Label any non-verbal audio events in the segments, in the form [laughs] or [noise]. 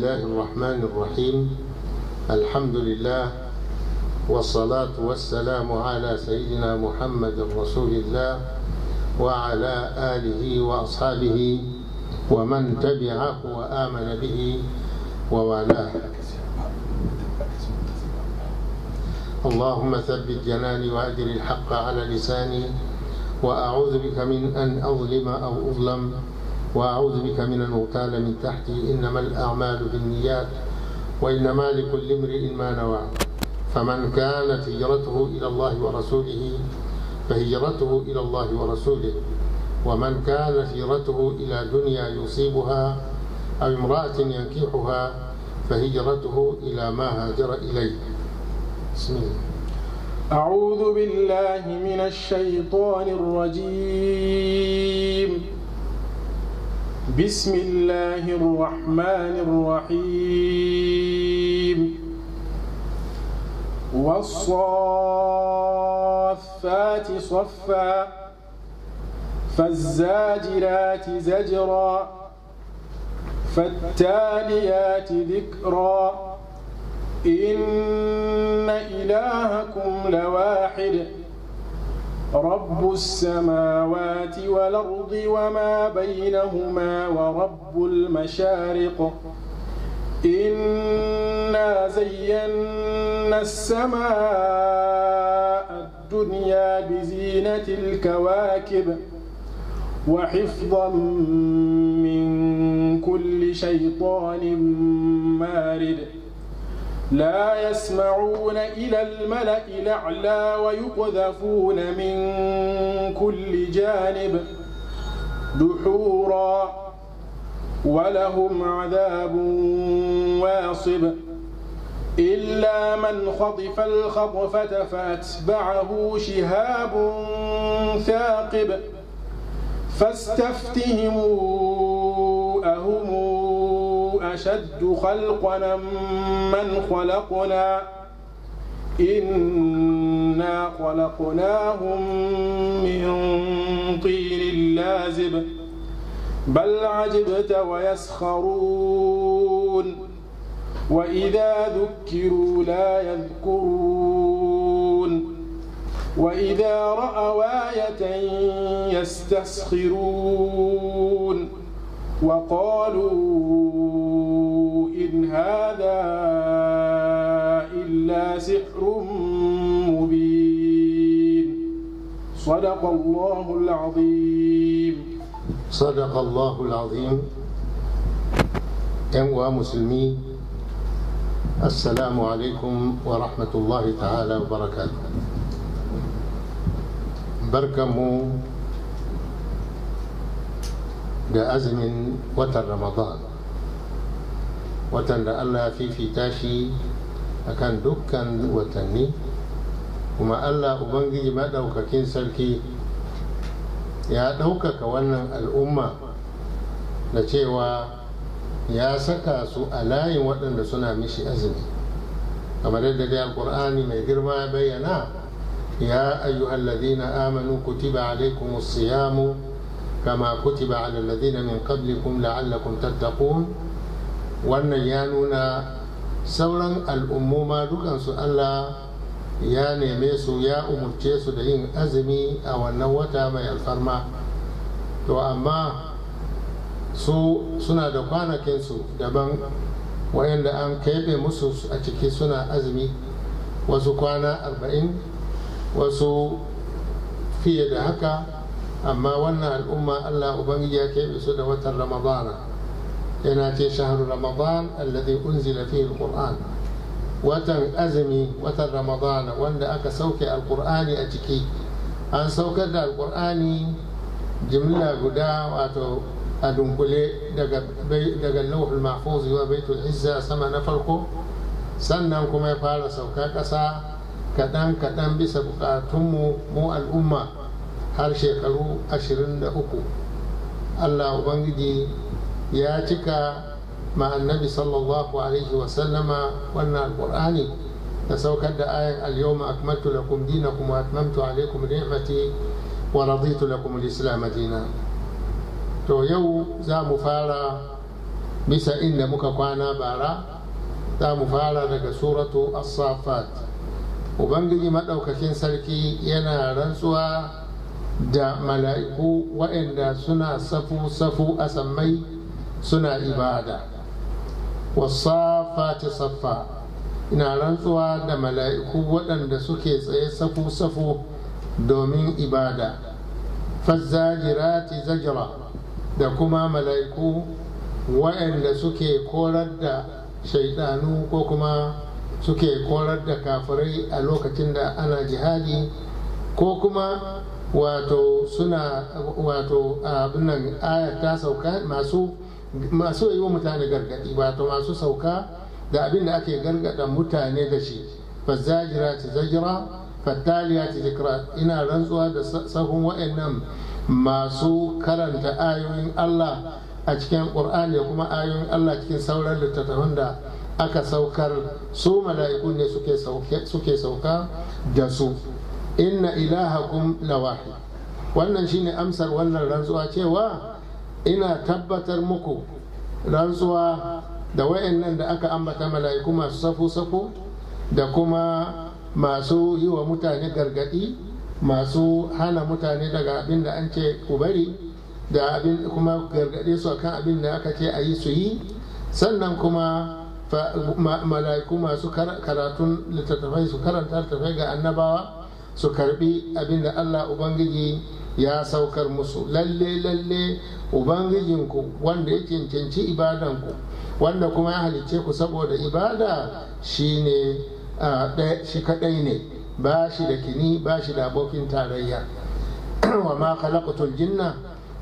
الله الرحمن الرحيم الحمد لله والصلاة والسلام على سيدنا محمد رسول الله وعلى آله وأصحابه ومن تبعه وآمن به ووالاه اللهم ثبت جناني وأدر الحق على لساني وأعوذ بك من أن أظلم أو أظلم وأعوذ بك من المغتال من تحتي إنما الأعمال بالنيات وإنما لكل امرئ ما نوى فمن كانت هجرته إلى الله ورسوله فهجرته إلى الله ورسوله ومن كانت هجرته إلى دنيا يصيبها أو امرأة ينكحها فهجرته إلى ما هاجر إليه بسم الله أعوذ بالله من الشيطان الرجيم بسم الله الرحمن الرحيم والصافات صفا فالزاجرات زجرا فالتاليات ذكرا إن إلهكم لواحد رب السماوات والأرض وما بينهما ورب المشارق إنا زينا السماء الدنيا بزينة الكواكب وحفظا من كل شيطان مارد لا يسمعون إلى الملأ الأعلى ويقذفون من كل جانب دحورا ولهم عذاب واصب إلا من خطف الخطفة فأتبعه شهاب ثاقب فاستفتهموا أهم أشد خلقنا من خلقنا إنا خلقناهم من طين لازب بل عجبت ويسخرون وإذا ذكروا لا يذكرون وإذا رأوا آية يستسخرون وقالوا إن هذا إلا سحر مبين صدق الله العظيم صدق الله العظيم أنواع مسلمين السلام عليكم ورحمة الله تعالى وبركاته بركمو da azumin watan ramadan watan da allah fifita shi akan dukkan watanni kuma allah ubangiji maɗaukakin sarki ya ɗaukaka wannan al'umma da cewa ya saka su a layin waɗanda suna mishi azumi kamar yadda dai alkur'ani mai girma ya bayyana ya ayyuhallazina amanu kutiba alaikumus siyamu kama kutiba ala alladhina min qablikum la'allakum tattaqun wannan ya nuna sauran al'ummoma dukansu Allah ya neme su ya umurce su da yin azumi a wannan wata mai alfarma to amma su suna da kwanakinsu daban wayanda an keɓe musu a ciki suna azumi wasu kwana arba'in wasu fiye da haka amma wannan al'umma Allah ubangiji ya keɓe su da watan ramadana yana ce shahar ramadan alladhi unzila fihi alquran watan azumi watan ramadana wanda aka sauke alqur'ani a ciki an saukar da alqur'ani jimla guda wato a dunkule daga daga lauhul mahfuz baitul izza sama na farko sannan kuma ya fara sauka ƙasa kaɗan kaɗan bisa buƙatunmu mu al'umma har shekaru 23 allah ubangiji ya cika ma annabi sallallahu alaihi wasallama wannan alkur'ani da saukar da ayan al-yawma akmaltu lakum dinakum wa atmamtu alaykum ni'mati wa raditu lakum al-islam dina to yau za mu fara bisa inda muka kwana bara za mu fara daga suratu as-safat ubangiji madaukakin sarki yana rantsuwa da mala'iku waɗanda suna safu-safu a sammai suna ibada wasafa ta saffa ina rantsuwa da mala'iku waɗanda suke tsaye safu-safu domin ibada fazzajirati zajira da kuma mala'iku waɗanda suke korar da shaidanu ko kuma suke korar da kafirai a lokacin da ana jihadi ko kuma wato suna wato abin nan ayar ta sauka masu masu yi wa mutane gargadi wato masu sauka da abin da ake gargada mutane da shi fazajira ta zajira fattaliya ta jikira ina rantsuwa da sahun wa'annan masu karanta ayoyin Allah a cikin ƙur'ani da kuma ayoyin Allah cikin sauran littattafan da aka saukar su mala'iku ne suke sauka da su inna ilahakum lawahi wannan shine amsar wannan rantsuwa cewa ina tabbatar muku rantsuwa da wayannan da aka ambata mala'iku masu safu-safu da kuma masu yi wa mutane gargadi masu hana mutane daga abin da an ce ku bari da abin kuma gargade su akan abin da aka ce a yi su yi sannan kuma mala'iku masu karatun littattafai su karanta littattafai ga annabawa su karbi abinda Allah Ubangiji ya saukar musu lalle lalle ubangijinku wanda ya cancanci ibadanku wanda kuma ya halicce ku saboda ibada shine shi kadai ne ba shi da kini ba shi da abokin tarayya [clears throat] wa ma khalaqatul jinna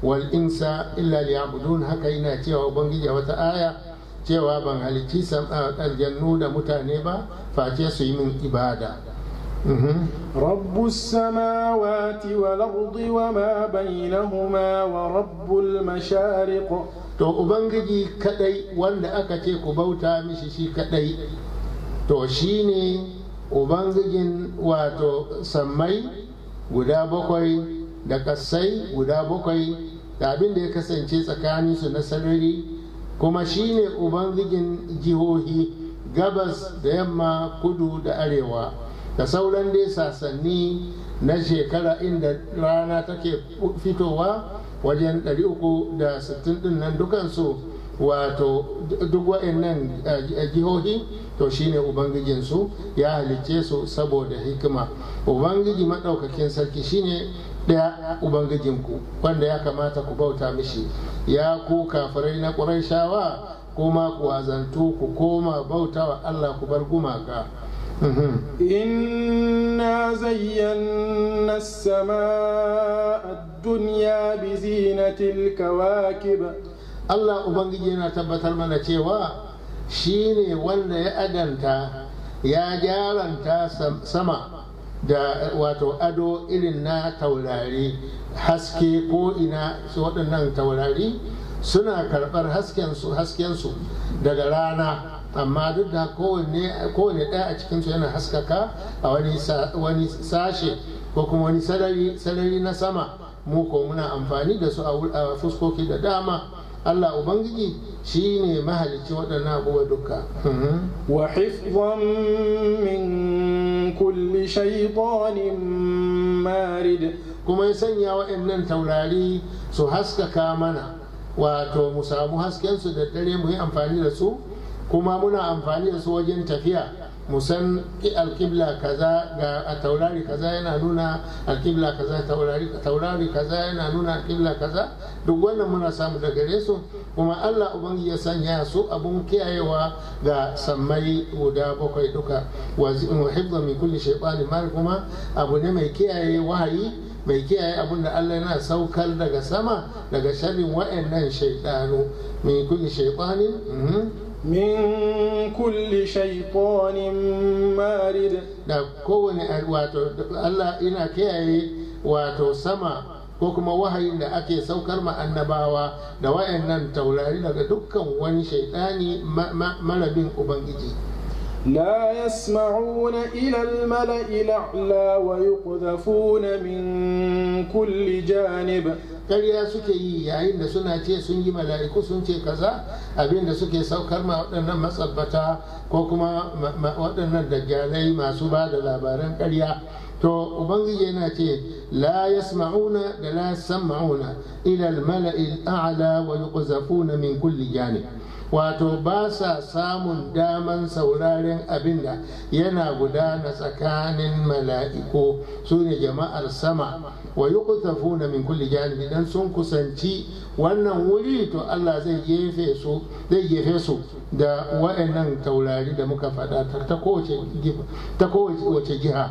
wal insa illa liya'budun haka yana cewa ubangiji wata aya cewa ban halicci aljannu da mutane ba face su yi min ibada رب السماوات والأرض وما بينهما ورب المشارق to ubangiji kaɗai wanda aka ce ku bauta mishi shi kaɗai, to shi ne ubangijin wato sammai guda bakwai da kasai guda bakwai da abin da ya kasance tsakaninsu na sarari kuma shi ne ubangijin jihohi gabas da yamma kudu da arewa da sauran dai sasanni na shekara inda rana take fitowa wajen 360 din nan dukansu wato duk wa'annan eh, jihohi to shine ubangijinsu ya halicce su saboda hikima ubangiji maɗaukakin sarki shine ɗaya ubangijinku wanda ya kamata ku bauta mishi ya ku kafirai na shawa kuma ku wazantu ku koma bauta wa allah ku bar gumaka إنا زينا السماء الدنيا بزينة ba Allah Ubangiji yana tabbatar mana cewa shi ne wanda ya adanta ya gyaranta sama da wato ado irin na taurari haske ko ina su waɗannan taurari suna karɓar haskensu daga rana amma duk da kowane ɗaya a cikinsu yana haskaka a wani sashe ko kuma wani sarari na sama mu ko muna amfani da su a fuskoki da dama Allah Ubangiji shi ne mahalicci waɗannan abubuwa duka. Mhm. Wa hifzan min kulli shaitanin marid. Kuma ya sanya waɗannan taurari su haskaka mana, wato mu samu haskensu da dare mu yi amfani da su kuma muna amfani da su wajen tafiya musan alkibla kaza ga taurari kaza yana nuna alkibla kaza taurari kaza yana nuna alkibla kaza duk wannan muna samu da gare su kuma allah ubangi ya sanya su abun kiyayewa ga sammai guda bakwai duka wa hibza min kulli shaytanin mara kuma abu ne mai kiyaye wahayi mai kiyaye abun da allah yana saukar daga sama daga sharrin wa'annan shaytanu min kulli shaytanin mhm. min kulli shaytanin marid da kowane eh, wato Allah ina kiyaye wato sama ko kuma wahayin da ake saukar ma annabawa da wayannan taurari daga dukkan wani shaiɗani mara bin ubangiji لا يسمعون إلى الملأ الأعلى ويقذفون من كل جانب كريا سكي يعين لسنة سنجي ملائك سنجي كذا أبين لسكي سو كرما وطنا مصبتا كوكما وطنا الدجالي ما سباد الأبارن كريا تو أبنجي لا يسمعون لا يسمعون إلى الملأ الأعلى ويقذفون من كل جانب wato ba sa samun daman sauraren abin da yana gudana tsakanin mala'iko. su ne jama'ar sama wa na min kulli janibi dan sun kusanci wannan wuri to Allah zai gefe su zai gefe su da waɗannan taurari da muka faɗa ta kowace jiha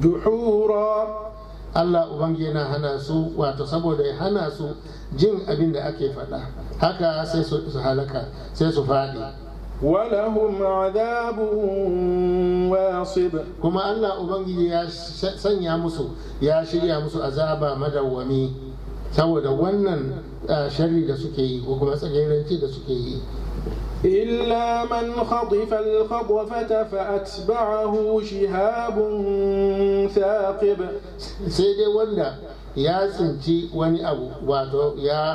duhura Allah ubangi yana hana su wato saboda ya hana su jin abin da ake faɗa haka sai su halaka sai su faɗi walahum kuma Allah ubangiji ya sanya musu ya shirya musu azaba madawwami saboda wannan eh, sharri da suke yi ko kuma tsagairanci da suke yi إلا من خطف الخطفة فأتبعه شهاب ثاقب سيد وندا يا سنتي وني أبو واتو يا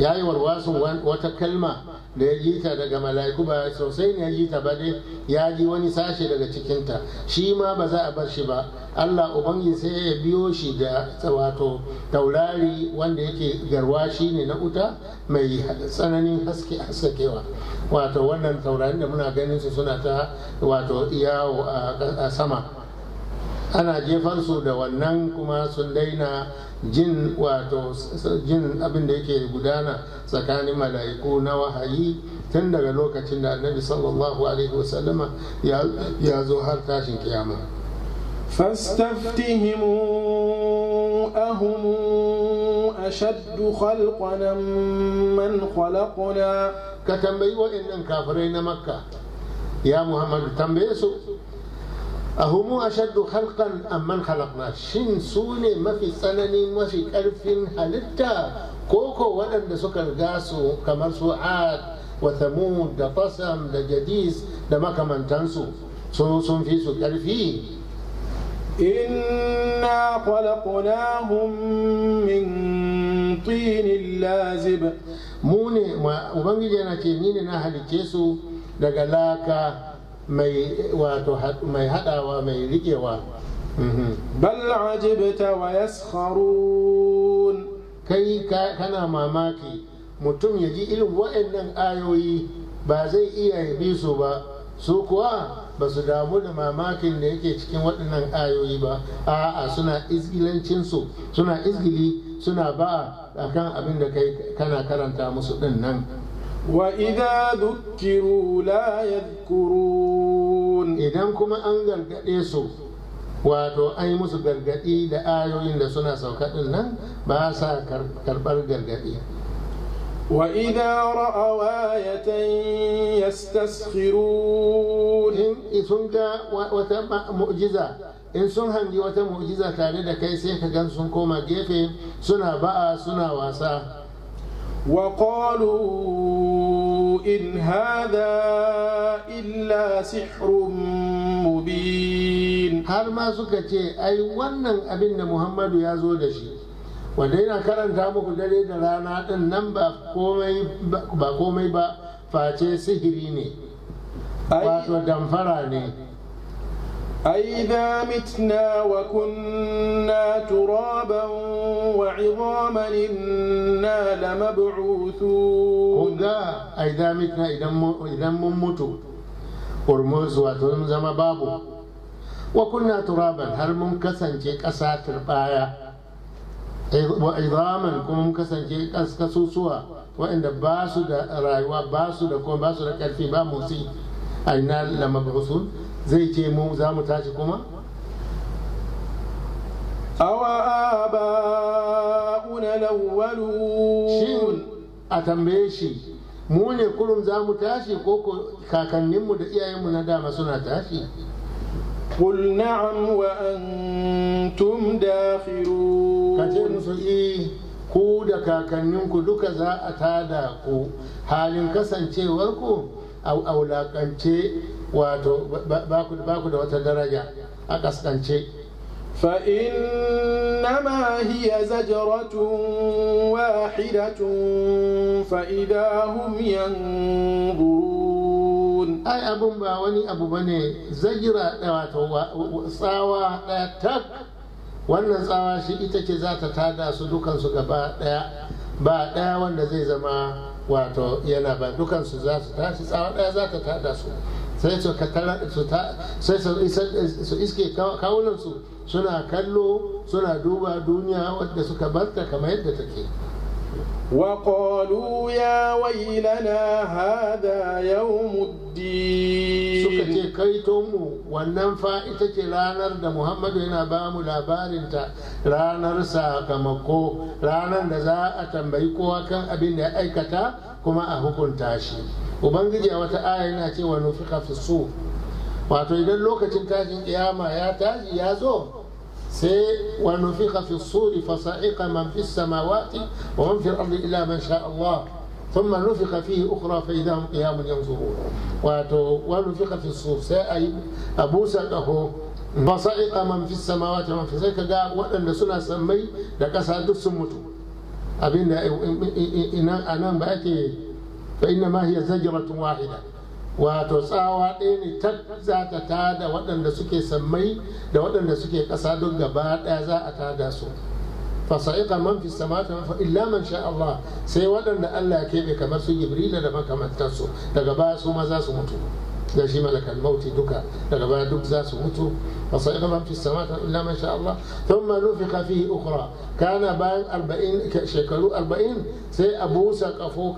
يا يورواس وتكلمة da ya ji ta daga mala'iku ba sosai ne ya ji ta ba dai ya ji wani sashe daga cikinta shi ma ba za a bar shi ba Allah ubangi sai ya biyo shi da wato taurari wanda yake garwa shi ne na uta mai tsananin haske haskakewa wato wannan taurari da muna ganin su suna ta wato yawo a sama ana jefan su da wannan kuma sun daina jin wato jin abin da yake gudana tsakanin mala'iku na wahayi tun daga lokacin da annabi sallallahu alaihi wasallama ya zo har tashin kiyama فاستفتهموا أهم أشد خلقنا من خلقنا كتنبي وإن كافرين مكة يا محمد تنبيسوا ahumu ashaddu halkan amman khalaqna shin su ne mafi tsanani mafi karfin halitta ko waɗanda suka riga su kamar su ad wa thamud da fasam da jadis da makamantansu sun fi su karfi inna khalaqnahum min tinin lazib mu ne ubangiji yana ce ni na halicce su daga laka mai wato mai hadawa mai riƙewa mhm. bal ajibta wa yaskharun kai kana mamaki mutum ya ji irin waɗannan ayoyi ba zai iya bi su ba su kuwa ba su damu da mamakin da yake cikin waɗannan ayoyi ba a'a suna izgilancinsu suna izgili suna ba a kan abin da kai kana karanta musu ɗin nan وإذا ذكروا لا يذكرون إذا كما أنزل قديسو wato ai musu gargaɗi da ayoyin da suna saukaɗin nan ba sa karɓar gargaɗi وإذا رأوا آية يستسخرون إن سنك معجزة in sun hangi wata mu'jiza tare da kai sai ka gan sun koma gefe suna ba'a suna wasa وقالوا إن هذا إلا سحر مبين har ma suka ce ai wannan abin da Muhammadu ya zo da shi wanda yana karanta muku dare da rana din nan ba komai ba face sihiri ne wato damfara ne أئذا متنا وكنا ترابا وعظاما إنا لمبعوثون كنا أئذا متنا إذا ممتو ورموز واتون زما بابو وكنا ترابا هل ممكسن جيك أساتر بايا وعظاما كم ممكسن جيك أسكسوسوا وإن باسو دا رايوا باسو دا كون باسو دا كالفي با موسي أئنا لمبعوثون zai ce mu za mu tashi kuma awa una lawwalu shin a tambaye shi mu ne kurum za mu tashi ko kakanninmu da iyayenmu na dama suna tashi قل نعم وأنتم داخرون كتير مسوئي ku da kakanninku duka za a tada ku halin kasancewarku a wulakance wato ba ku da wata daraja a kaskance فإنما هي Ai واحدة ba wani abu ba ne باوني da بني tsawa ساوى tak wannan tsawa shi ita ce za ta tada su dukansu gaba daya ba daya wanda zai zama wato yana ba dukansu za su tashi tsawa daya za ta tada su sai su sai su iske kawunansu suna kallo suna duba duniya wadda suka barta kamar yadda take وقالوا ya ويلنا هذا يوم الدين suka ce kai mu wannan fa ita ce ranar da muhammadu yana ba mu labarinta ranar sakamako ranar da za a tambayi kowa kan abin da ya aikata kuma a hukunta shi ubangiji a wata aya yana cewa nufi fi wato idan lokacin tashin kiyama ya tashi ya zo سي ونفخ في الصور فصعق من في السماوات ومن في الأرض إلا من شاء الله ثم نفخ فيه أخرى فإذا هم قيام ينظرون ونفخ في الصور سي ابو له فصعق من في السماوات ومن في سيكا قال وأن سنا سمي لك دس متو أبين أنا بأتي فإنما هي زجرة واحدة wato tsawa ɗaya ne ta ta da waɗanda suke sammai da waɗanda suke ƙasa duk gaba ɗaya za a tada su fasa'iqa man fi ta mafi illa man sha Allah sai waɗanda Allah ya keɓe kamar su jibrila da makamantarsu daga baya su ma za su mutu da shi malakal mauti duka daga baya duk za su mutu wa sa'iqa man fi samawati illa ma sha Allah thumma nufiqa fihi ukhra kana bayan 40 shekaru 40 sai a busa kafo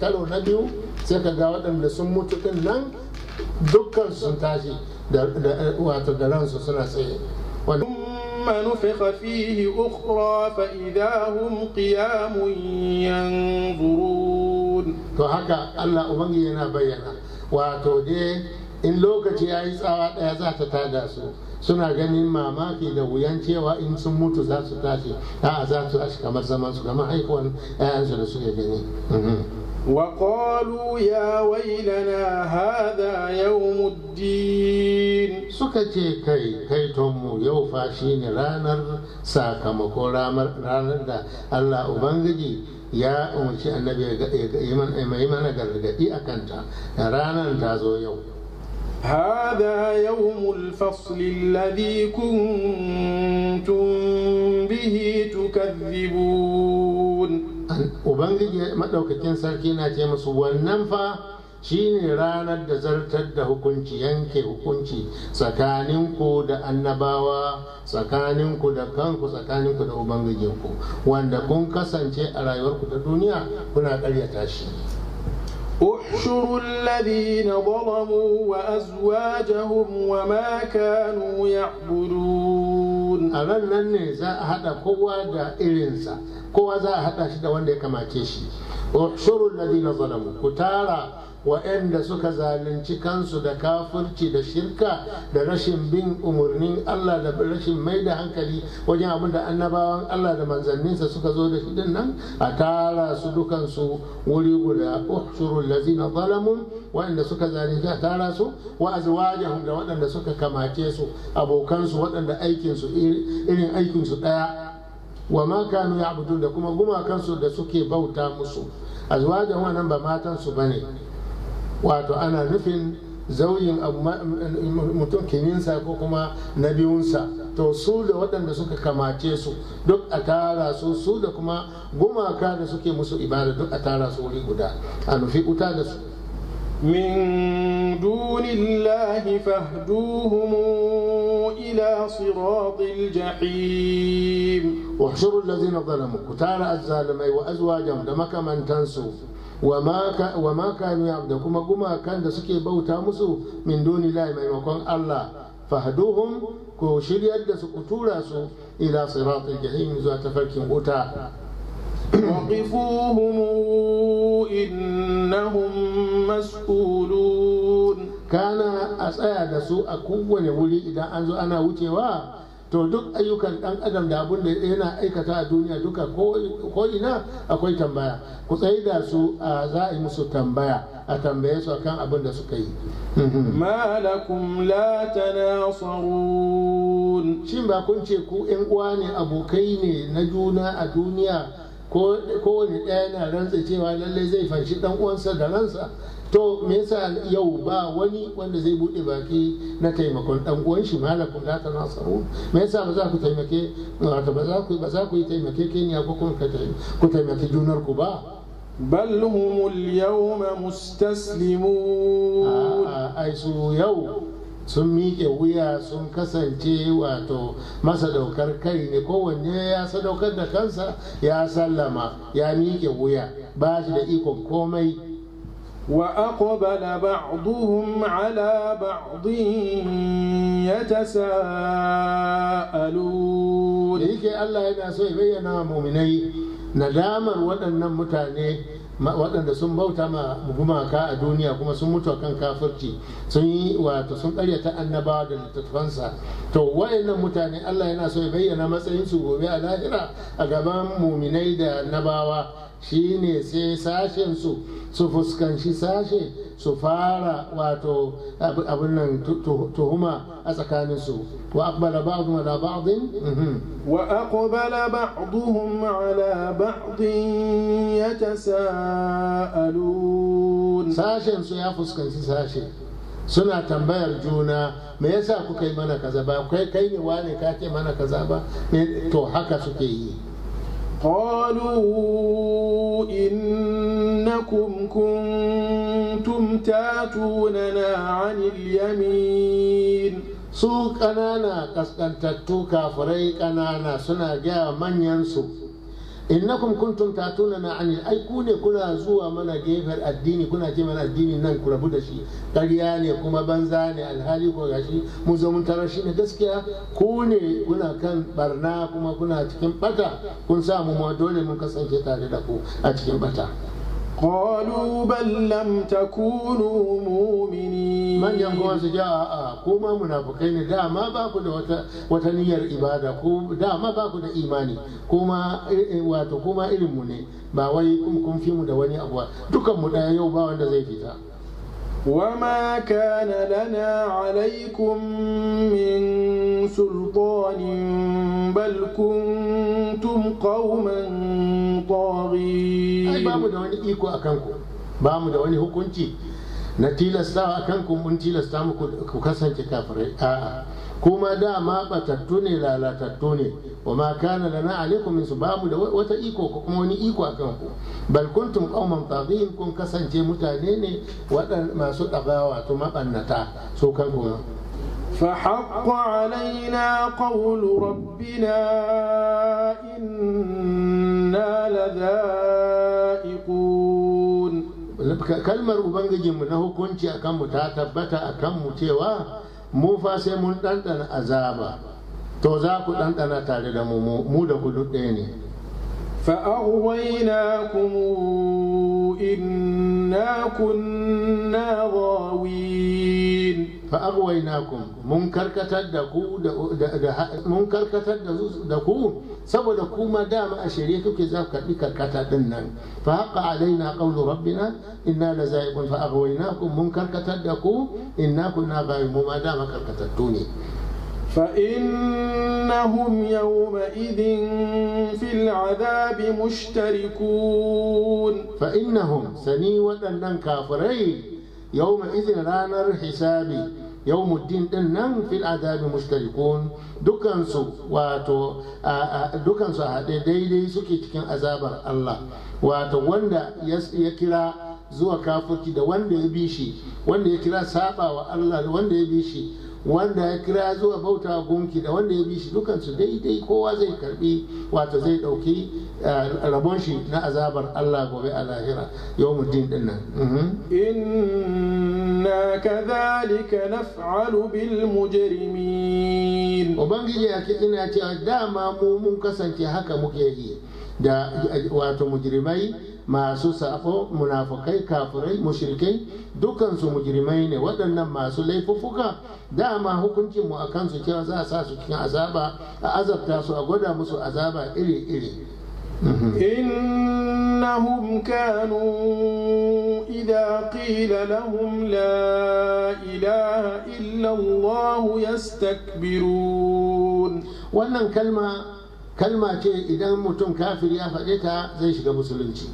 karo na biyu sai ka ga waɗanda sun mutu din nan dukkan sun tashi da wato da ransu suna tsaye ثم نفخ فيه أخرى فإذا هم قيام ينظرون. فهكا الله أبنجي بينا wato dai in lokaci ya yi tsawa ɗaya za ta tada su suna ganin mamaki da wuyan cewa in sun mutu za su tashi a za su ashi kamar zaman su kamar haihuwan 'ya'yansu da suke gani mhm. وقالوا يا ويلنا هذا يوم الدين سكتي كي كي توم يوفاشين شين رانر ساكا رانر دا الله أبنجي يا أمشي النبي إيمان إيمان mana gargaɗi a kanta ranar ta zo هذا يوم الفصل الذي كنتم به تكذبون ubangiji maɗaukakin sarki na ce musu wannan fa shine ranar da zartar da hukunci yanke hukunci tsakaninku da annabawa tsakaninku da kanku tsakaninku da ubangijinku wanda kun kasance a rayuwarku ta duniya kuna karyata shi احشروا الذين ظلموا وأزواجهم وما كانوا يعبدون gudun a ran nan ne za a hada kowa da irinsa kowa za a hada shi da wanda ya kamace shi wa shuru ladina zalamu ku tara waɗanda suka zalunci kansu da kafirci da shirka da rashin bin umarnin Allah da rashin mai da hankali wajen abin da annabawan Allah da manzanninsa suka zo da shi nan a tara su dukansu wuri guda ushurul lazina zalamun waɗanda suka zalunci a tara su wa azwajahum da waɗanda suka kamace su abokansu waɗanda aikinsu irin aikinsu ɗaya wa ma kanu ya'budun da kuma gumakansu da suke bauta musu azwajahum nan ba matan su bane wato ana nufin zauyin mutum kininsa ko kuma na biyunsa to su da waɗanda suka kamace su duk a tara su su da kuma gumaka da suke musu ibada duk a tara su wuri guda a nufi uta da su من دون الله فاهدوهم إلى صراط الجحيم واحشروا الذين ظلموا كتار الظالمين وأزواجهم لما da makamantansu. wa ma kanu da kuma gumakan da suke bauta musu min dunillahi maimakon Allah fahduhum ko shiryar da su kutura su ila siratul jahim zuwa tafarkin wuta Kana a tsaya da su a kowane wuri idan an zo ana wucewa? to duk ayyukan dan adam da abin da yana aikata a duniya duka ko ina akwai tambaya ku tsaye da su a za a yi musu tambaya a tambaye su akan abin da suka yi mhm. malakum la tanasarun shin ba kun ce ku yan uwa ne abokai ne na juna a duniya ko kowane ɗaya na rantsa cewa lallai zai fanshi dan uwansa da ransa to me yasa yau ba wani wanda zai bude baki na taimakon dan uwan shi malakum la nasaru me yasa ba za ku taimake wato ba za ku ba za ku yi taimake keniya ko kun ka ku taimake junar ku ba bal humul yawma mustaslimun ai su yau sun miƙe wuya sun kasance wato masa daukar kai ne kowanne ya sadaukar da kansa ya sallama ya miƙe wuya ba shi da ikon komai وأقبل بعضهم على بعض يتساءلون yake Allah yana so ya bayyana wa muminai nadamar waɗannan mutane waɗanda sun bauta ma gumaka a duniya kuma sun mutu kan kafirci sun yi wato sun ƙaryata annabawa da littattafansa to wayannan mutane Allah yana so ya bayyana matsayinsu gobe a lahira a gaban muminai da annabawa shi ne sai sashensu su fuskanci sashe su fara wato abin nan tuhuma a tsakaninsu wa aqbala ba'dhum ala ba'dhin mhm. wa aqbala ba'dhum ala ba'dhin yatasaalun sashen su ya fuskanci sashe suna tambayar juna me yasa kuka yi mana kaza ba kai kai ne wane ka ce mana kaza ba eh, to haka suke yi قالوا إنكم كنتم تاتوننا عن اليمين سوء كنانا كسكن تتوكا فريق كنانا سنة جاء من ينسو innakum kuntum tatuna na anil ai ku ne kuna zuwa mana gefen addini kuna ce mana addini nan ku rabu da shi ƙarya ne kuma banza ne alhali ko gashi mu zo mun tarar shi ne gaskiya ku ne kuna kan barna kuma kuna cikin bata kun samu ma dole mun kasance tare da ku a cikin bata قالوا بل لم تكونوا مؤمنين من ينقوا سجاء كما منافقين دا ما باكو دا وتنير إبادة دا ما باكو دا إيماني كما واتو كما إلموني باوي كم كم في مدواني أبوا دكم مدى يوبا وانت زي فيتا وما كان لنا عليكم من سلطان بل كنتم قوما طاغين أي بابو دواني إيكو أكانكو دواني na tilasta a kanku tilasta muku kasance kafirai a'a kuma dama batattu ne lalatattu ne wa ma kana lana alaikum min su da wata iko ko kuma wani iko akan ku bal kuntum qauman taghin kun kasance mutane ne waɗan masu dagawa to mabannata so kan ku فحق علينا قول ربنا إنا لذائقون كلمة ubangijinmu na hukunci akan mu ta tabbata akan mu cewa mu fa sai mun ɗanɗana azaba to za ku ɗanɗana tare da mu mu da hudu ɗaya ne kuma inna kunna غاوين فأغويناكم منكر منكر كتدكو سوى دكوما دام أشريكو كذاب كتبك كتدنا فحق علينا قول ربنا إننا لزائب فأغويناكم منكر كتدكو إننا كنا غايمو ما دام دوني فإنهم يومئذ في العذاب مشتركون فإنهم سني ودنن كافرين يومئذ رانر حسابي yawmuddin din nan fil azabi mushtarikun dukansu wato dukansu a haɗe daidai suke cikin azabar Allah wato wanda ya kira zuwa kafirci da wanda ya bi wanda ya kira saba wa Allah wanda ya bi wanda ya kira zuwa bauta gunki da wanda ya bishi shi dukansu daidai kowa zai karbi wato zai ɗauki Eh, rabon shi na azabar Allah gobe a lahira yawon din din nan mhm. inna na fa'alu bil mujrimin ubangiji yake ina cewa dama mu mun kasance haka muke yi da wato mujrimai masu safo munafukai kafirai mushrikai dukansu mujrimai ne waɗannan masu laifuffuka dama hukuncin mu a kansu cewa za a sa su cikin azaba a azabta su a gwada musu azaba iri-iri إنهم كانوا إذا قيل لهم لا إله إلا الله يستكبرون wannan kalma kalma ce idan mutum kafir ya faɗe ta zai shiga musulunci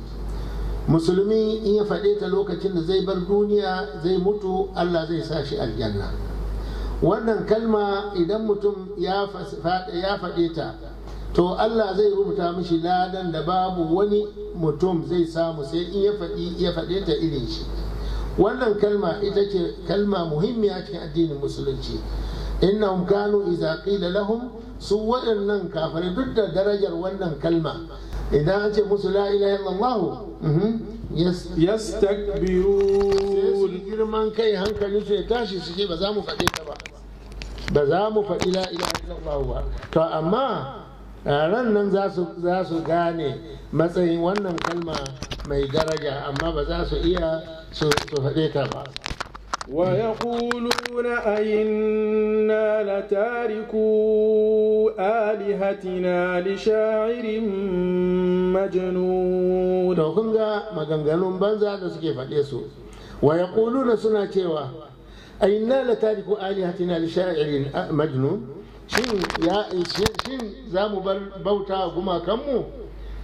musulmi in ya faɗe ta lokacin da zai bar duniya zai mutu allah zai sa shi aljanna wannan kalma idan mutum ya faɗe ta to Allah zai rubuta mishi ladan da babu wani mutum zai samu sai in ya faɗi ya faɗe ta irin shi wannan kalma ita ce kalma muhimmiya cikin addinin musulunci innahum kanu idza qila lahum su wadannan kafare duk da darajar wannan kalma idan an ce musu la ilaha illallah uhm, yastakbirun girman kai hankali su ya tashi su ce ba za mu faɗe ta ba ba za mu faɗi la ilaha illallah ba to amma ranar za su gane matsayin wannan kalma mai daraja amma ba za su iya su faɗe ta ba wa ya ƙulu na ayin na latariku alihatina lishairin majanu daukun ga maganganun banza da suke faɗe su wa ya ƙulu na suna cewa ayin na latariku alihatina lishairin majanu shin za mu bar bauta gumakanmu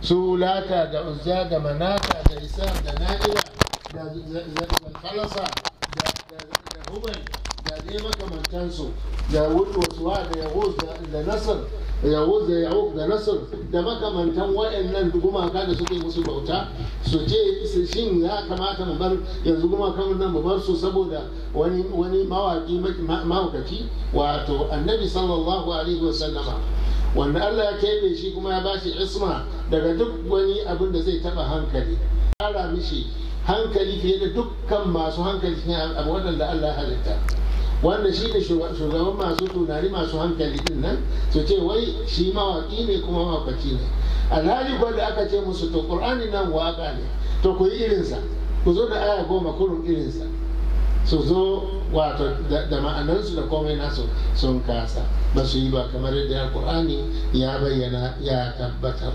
su lata da uzza da manata da isa da na'ira da falasa da hubal da dai makamantansu da wasu da yahuz da nasar yawo da yawo da nasir da makamantan waɗannan gumaka da suke musu bauta su ce shin ya kamata mu bar yanzu gumakan nan mu bar su saboda wani wani mawaki mawakaci wato annabi sallallahu alaihi wasallama wanda Allah ya keɓe shi kuma ya bashi isma daga duk wani abin da zai taɓa hankali ƙara mishi hankali fiye da dukkan masu hankali cikin waɗanda Allah ya halitta wanda shi ne shugaban masu tunani masu hankali din nan su ce wai shi mawaki ne kuma mawakaci ne alhali gwada aka ce musu to qur'ani nan waka ne to ku yi irinsa ku zo da aya goma kurun irinsa su zo wato da ma'anansu da komai nasu sun kasa ba su yi ba kamar yadda qur'ani ya bayyana ya tabbatar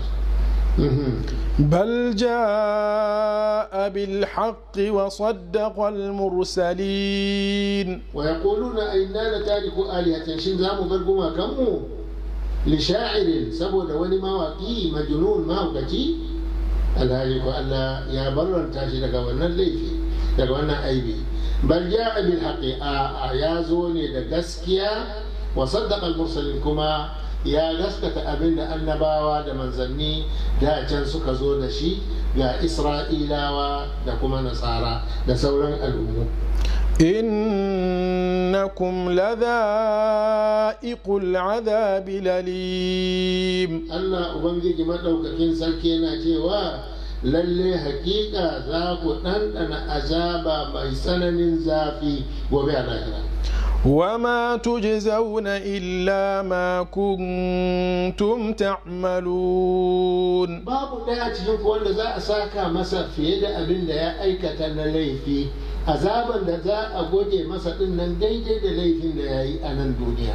بل جاء بالحق وصدق المرسلين ويقولون إنا لتارك آلهة شن زامو برقما كمو لشاعر سبو دوني وكي مجنون موقتي الهالك ألا يا بر تاشي لك وانا الليفي لك وانا أيبي بل جاء بالحق آيازوني دقسكيا وصدق المرسلين كما ya gaskata abin da annabawa da manzanni da can suka zo da shi ga isra'ilawa da kuma nasara da sauran al'ummu innakum لذائق العذاب الأليم allah ubangiji مدعوك sarki na cewa. lalle hakika za ku ɗanɗana azaba mai tsananin zafi gobe a lahira وما zauna illa ma كنتم تعملون babu ɗaya cikin wanda za a saka masa fiye da abin da ya aikata na laifi azaban da za a goge masa ɗin nan daidai da laifin da ya yi a nan duniya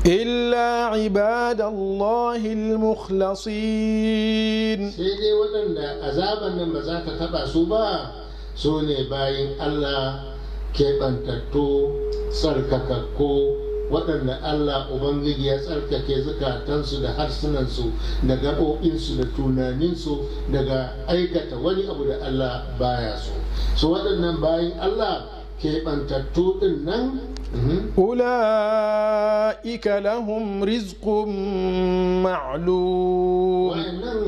Illa إلا عباد الله المخلصين سيدي ودن أزابا نما ذات تبع Su سوني باين الله كيبان تتو سركككو waɗanda Allah Ubangiji ya tsarkake zukatansu da harsunansu da gaɓoɓinsu da tunaninsu daga aikata wani abu da Allah baya su. Su waɗannan bayan Allah keɓantattu ɗin nan أولئك لهم رزق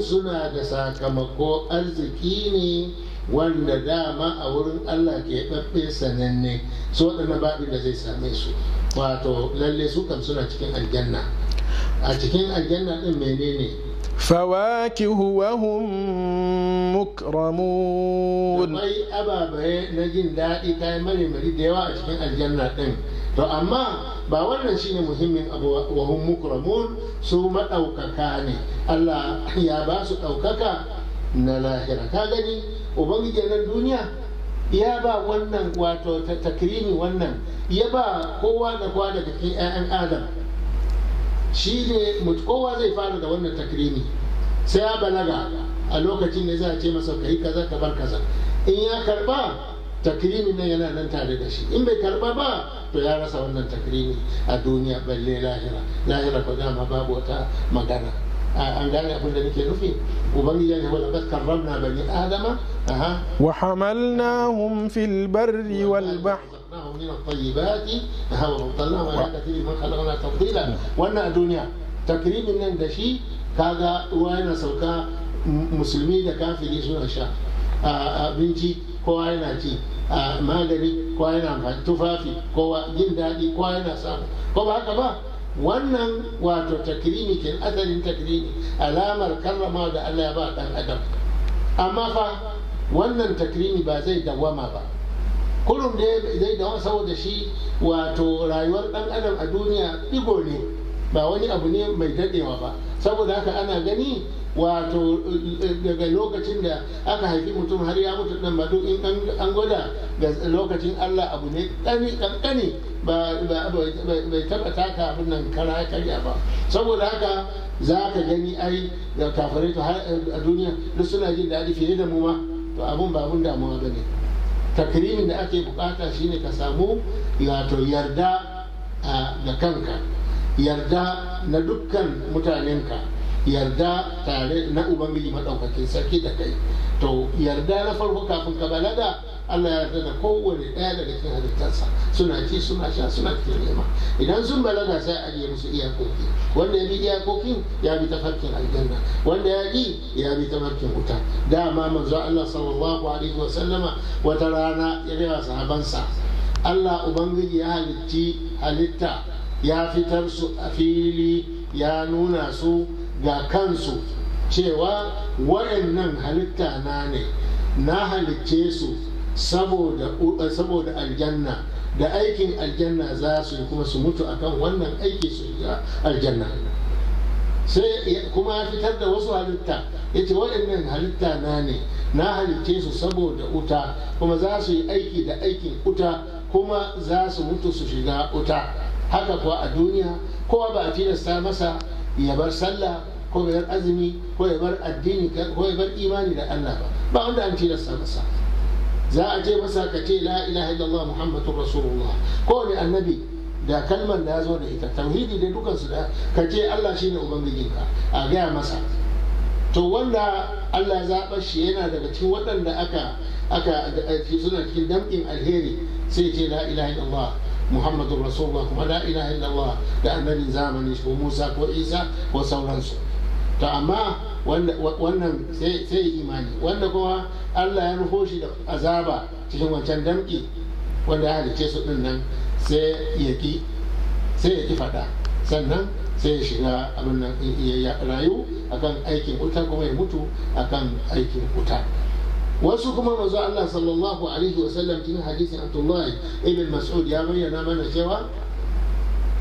suna da sakamako ساكمكو ne wanda dama a wurin Allah ke ɓaɓɓe sananne su waɗannan babu da zai same su wato lalle su kam suna cikin aljanna a cikin aljanna ɗin menene فواكه وهم مكرمون akwai ababaye na jin daɗi kayan mare mari da yawa a cikin aljanna ɗin to amma ba wannan shine muhimmin abu wa hum su maɗaukaka ne Allah ya ba su daukaka na lahira ka gani ubangiji na duniya ya ba wannan wato takrimi wannan ya ba kowa da kowa daga cikin 'ya'yan adam shi kowa zai fara da wannan takrimi sai ya balaga a lokacin ne za a ce masa kai kaza ka bar kaza in ya karba تكريم إن ينا ننتع لدشي إن بكر بابا فيا رسا ونن تكريمي الدنيا بل لي لا لاهرة قد أما باب وتا مدانا أنجان يقول لنك نفي وبني يعني هو لقد كرمنا بني آدم أها وحملناهم في البر والبحر وحملناهم من الطيبات أها وفضلناهم على كثير من خلقنا تفضيلا وأن الدنيا تكريم إن ندشي كذا وين سوكا مسلمين كافرين شنو أشياء آه، آه، بنتي kowa yana ci a magani kowa yana amfani tufafi kowa jin daɗi kowa yana samu ko ba haka ba wannan wato takrimi ke asalin takrimi alamar karrama da Allah ya ba ɗan adam amma fa wannan takrimi ba zai dawama ba kurum da zai dawama saboda shi wato rayuwar ɗan adam a duniya ɗigo ne ba wani abu ne mai dadewa ba saboda haka ana gani wato daga lokacin da aka haifi mutum har ya mutu dan ba duk in an gwada ga lokacin Allah abu ne kankani ba bai taba taka abin nan kara karya ba saboda haka za ka gani ai da har a duniya duk suna jin daɗi fiye da mu ma to abun ba abun damuwa ba ne takrimin da ake bukata shine ka samu wato yarda da kanka yarda na dukkan mutanenka yarda tare na ubangiji maɗaukakin sarki da kai to yarda na farko kafin ka balaga Allah ya yarda da kowane ɗaya daga cikin halittarsa suna ci suna sha suna cikin nema idan sun balaga sai a ajiye musu iyakoki wanda ya bi iyakokin ya bi tafarkin aljanna wanda ya ƙi ya bi tafarkin wuta dama manzo Allah sallallahu alaihi wa sallama wata rana ya gaya sahabansa Allah ubangiji ya halicci halitta ya fitar su a fili ya nuna su ga kansu cewa waɗannan halitta na ne na halicce su saboda eh, aljanna da aikin aljanna za su yi kuma su mutu akan wannan aiki su yi aljanna sai kuma ya fitar da wasu halitta ya ce waɗannan halitta na ne na halicce su saboda uta kuma za su yi aiki da aikin uta kuma za su mutu su shiga uta haka kuwa a duniya kowa ba a tilasta masa ya bar sallah ko ya bar azumi ko ya bar addini ko ya bar imani da Allah ba ba wanda an tilasta masa za a ce masa ka ce la ilaha illallah muhammadur rasulullah kowane annabi da kalmar da zo da ita tauhidi da su da ka ce Allah shine ubangijinka a gaya masa to wanda Allah zaɓa shi yana daga cikin waɗanda aka aka suna cikin dam'in alheri sai ce la ilaha illallah محمد رسول الله ولا إله إلا الله da annabin zamani ko Musa ko Isa ko sauransu to amma wannan sai imani wanda kuma Allah ya nufo shi da azaba cikin wancan damki wanda ya halice su din nan sai ya ki sai ya ki fada sannan sai ya shiga abin nan ya rayu akan aikin wuta kuma ya mutu akan aikin wuta wasu kuma manzo Allah sallallahu alaihi cikin hadisin Abdullahi ibn Mas'ud ya bayyana mana cewa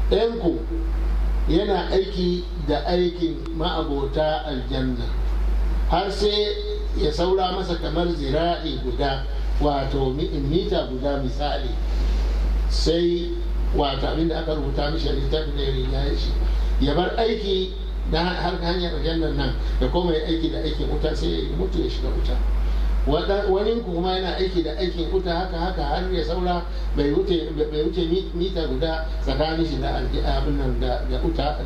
ɗanku yana aiki da aikin ma'abota aljanna har sai ya saura masa kamar zira'i guda wato mita guda misali sai wato abin da aka rubuta mishi a littafin da ya yi shi ya bar aiki na har hanyar aljannan nan da kuma ya aiki da aikin wuta sai ya mutu ya shiga wuta wani kuma yana aiki da aikin wuta haka haka har ya saura bai wuce mita guda tsakanin shi da abin nan da wuta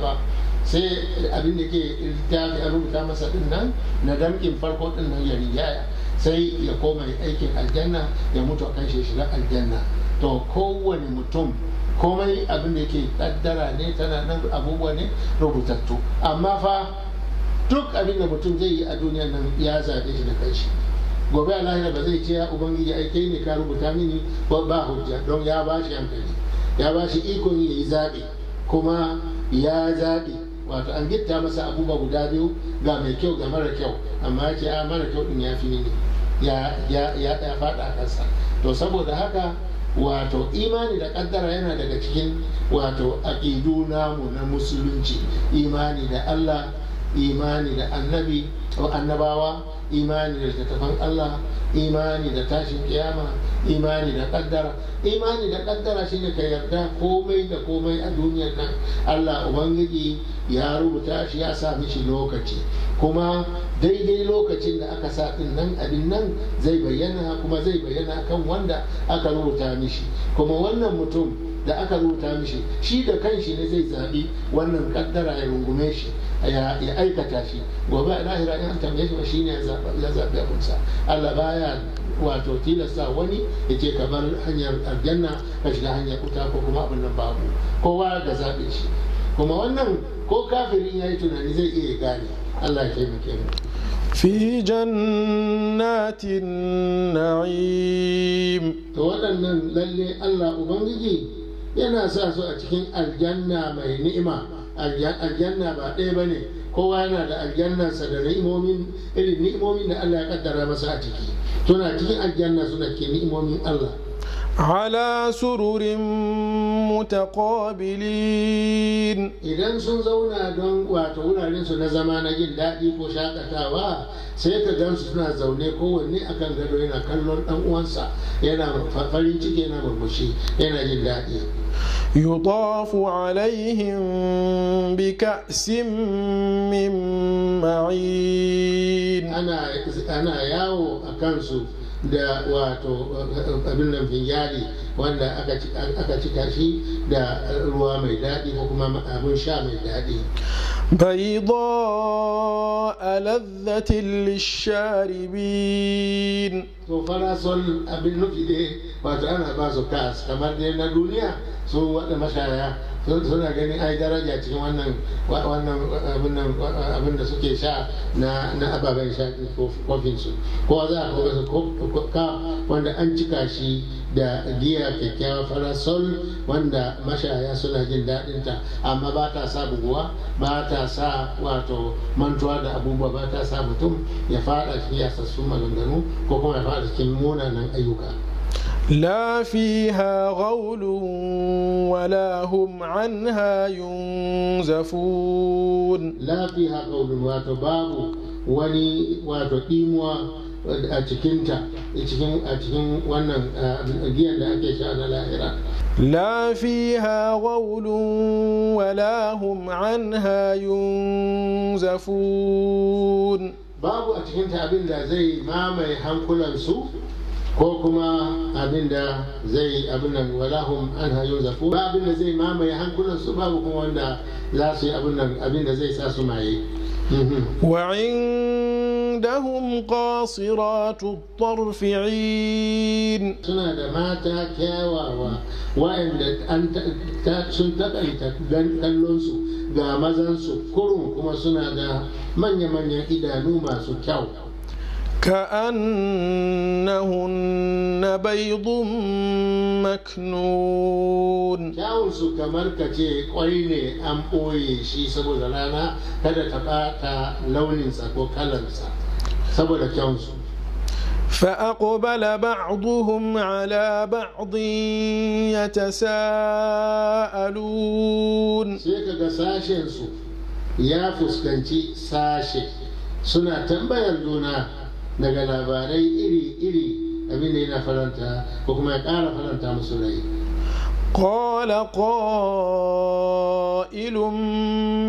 ba sai abin da ke fi an rubuta masa din nan na damkin farko din nan ya rigaya sai ya koma aikin aljanna ya mutu a kan shi shiga aljanna to kowane mutum komai abin da ke kaddara ne tana nan abubuwa ne rubutattu amma fa duk abin da mutum zai yi a duniya nan ya zaɓe shi da kanshi gobe a lahira ba zai ce ya ubangiji ai kai ne ka rubuta mini ba hujja don ya ba shi hankali ya ba shi ikon ya yi zaɓe kuma ya zaɓe wato an gitta masa abubuwa guda biyu ga mai kyau ga mara kyau amma ya ce a mara kyau din ya fi ne ya ya faɗa a kansa to saboda haka wato imani da kaddara yana daga cikin wato aƙidu namu na musulunci imani da allah imani da annabi annabawa imani da littattafan Allah imani da tashin kiyama imani da kaddara imani da kaddara shine ka yarda komai da komai a duniyar nan Allah ubangiji ya rubuta shi ya sa mishi lokaci kuma daidai lokacin da aka sa din nan abin nan zai bayyana kuma zai bayyana kan wanda aka rubuta mishi kuma wannan mutum da aka rubuta mishi shi da kanshi ne zai zaɓi wannan kaddara ya rungume shi ya aikata shi gobe a lahira in an tambaye shi ba shine ya zaɓi abunsa Allah baya wato tilasta wani ya ce kamar hanyar aljanna ka shiga hanyar kuta ko kuma abin nan babu kowa da zaɓe shi kuma wannan ko kafirin ya yi tunani zai iya gane Allah ya taimake mu fi jannatin na'im to waɗannan lalle Allah ubangiji yana sa su a cikin aljanna mai ni'ima aljanna ba ɗaya ba ne kowa yana da aljannarsa da ni'imomin irin ni'imomin da Allah ya kaddara masa a ciki suna cikin aljanna suna ke ni'imomin Allah ala sururin mutaqabilin idan sun zauna don wato wuraren su na zama na jin daɗi ko shakatawa sai ka gan su suna zaune kowanne akan gado yana kallon ɗan uwansa yana farin ciki yana murmushi yana jin daɗi يطاف عليهم بكأس من معين أنا أنا ياو أكنسو da wato eh, abin nan finjari wanda aka cika shi da ruwa mai daɗi ko kuma abin sha mai daɗi بيضاء لذة للشاربين to farason abin nufi dai wato ana ba su kamar dai na duniya su waɗa mashaya suna ganin ai daraja cikin wannan abin da suke sha na ababen sha su ko za a koga su ka wanda an cika shi da giya kyakkyawa farasol wanda mashaya suna jin daɗinta amma ba ta sa buguwa ba ta sa wato mantuwa da abubuwa ba ta sa mutum ya fada cikin yasassun maganganu ko kuma ya fada cikin munanan ayyuka لا فيها غول ولا هم عنها ينزفون لا فيها غول واتباب وني واتقيموا a cikinta a cikin wannan giyan da ake sha na lahira لا فيها غول ولا هم عنها ينزفون babu a cikinta abin da zai mamaye hankulansu كوكما أبندا زي أبنا ولهم أنها يوزفوا ما أبنا زي ما ما يهان كل السباب وكما أبنا لاسي أبنا أبنا زي ساسو وعندهم قاصرات الطرف عين سنة ماتا كاوا وعند أن تنتقل تنلنسو غامزنسو كرم كما سنة من يمن يكيدا نوما سكاو كأنهن بيض مكنون kyawunsu kamar ka ce kwai ne an ɓoye shi saboda rana kada ka ɓata launinsa ko kalansa saboda kyawunsu فأقبل بعضهم على بعض يتساءلون سيكا su يا فسكنتي sashe سنة tambayar juna. daga labarai iri-iri abin yana faranta ko kuma ya ƙara faranta musu rai قال قائل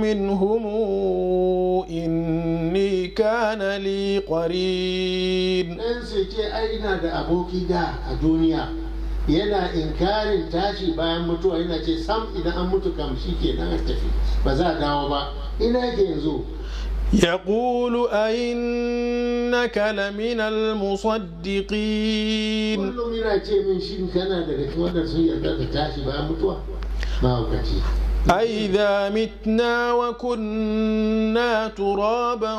منهم إني كان لي قرين إن سيتي أين دا أبوكي دا الدنيا yana inkarin tashi bayan mutuwa yana ce sam idan an mutu kam shi ke nan tafi ba za a dawo ba ina ke yanzu يقول أئنك لمن المصدقين أئذا متنا وكنا ترابا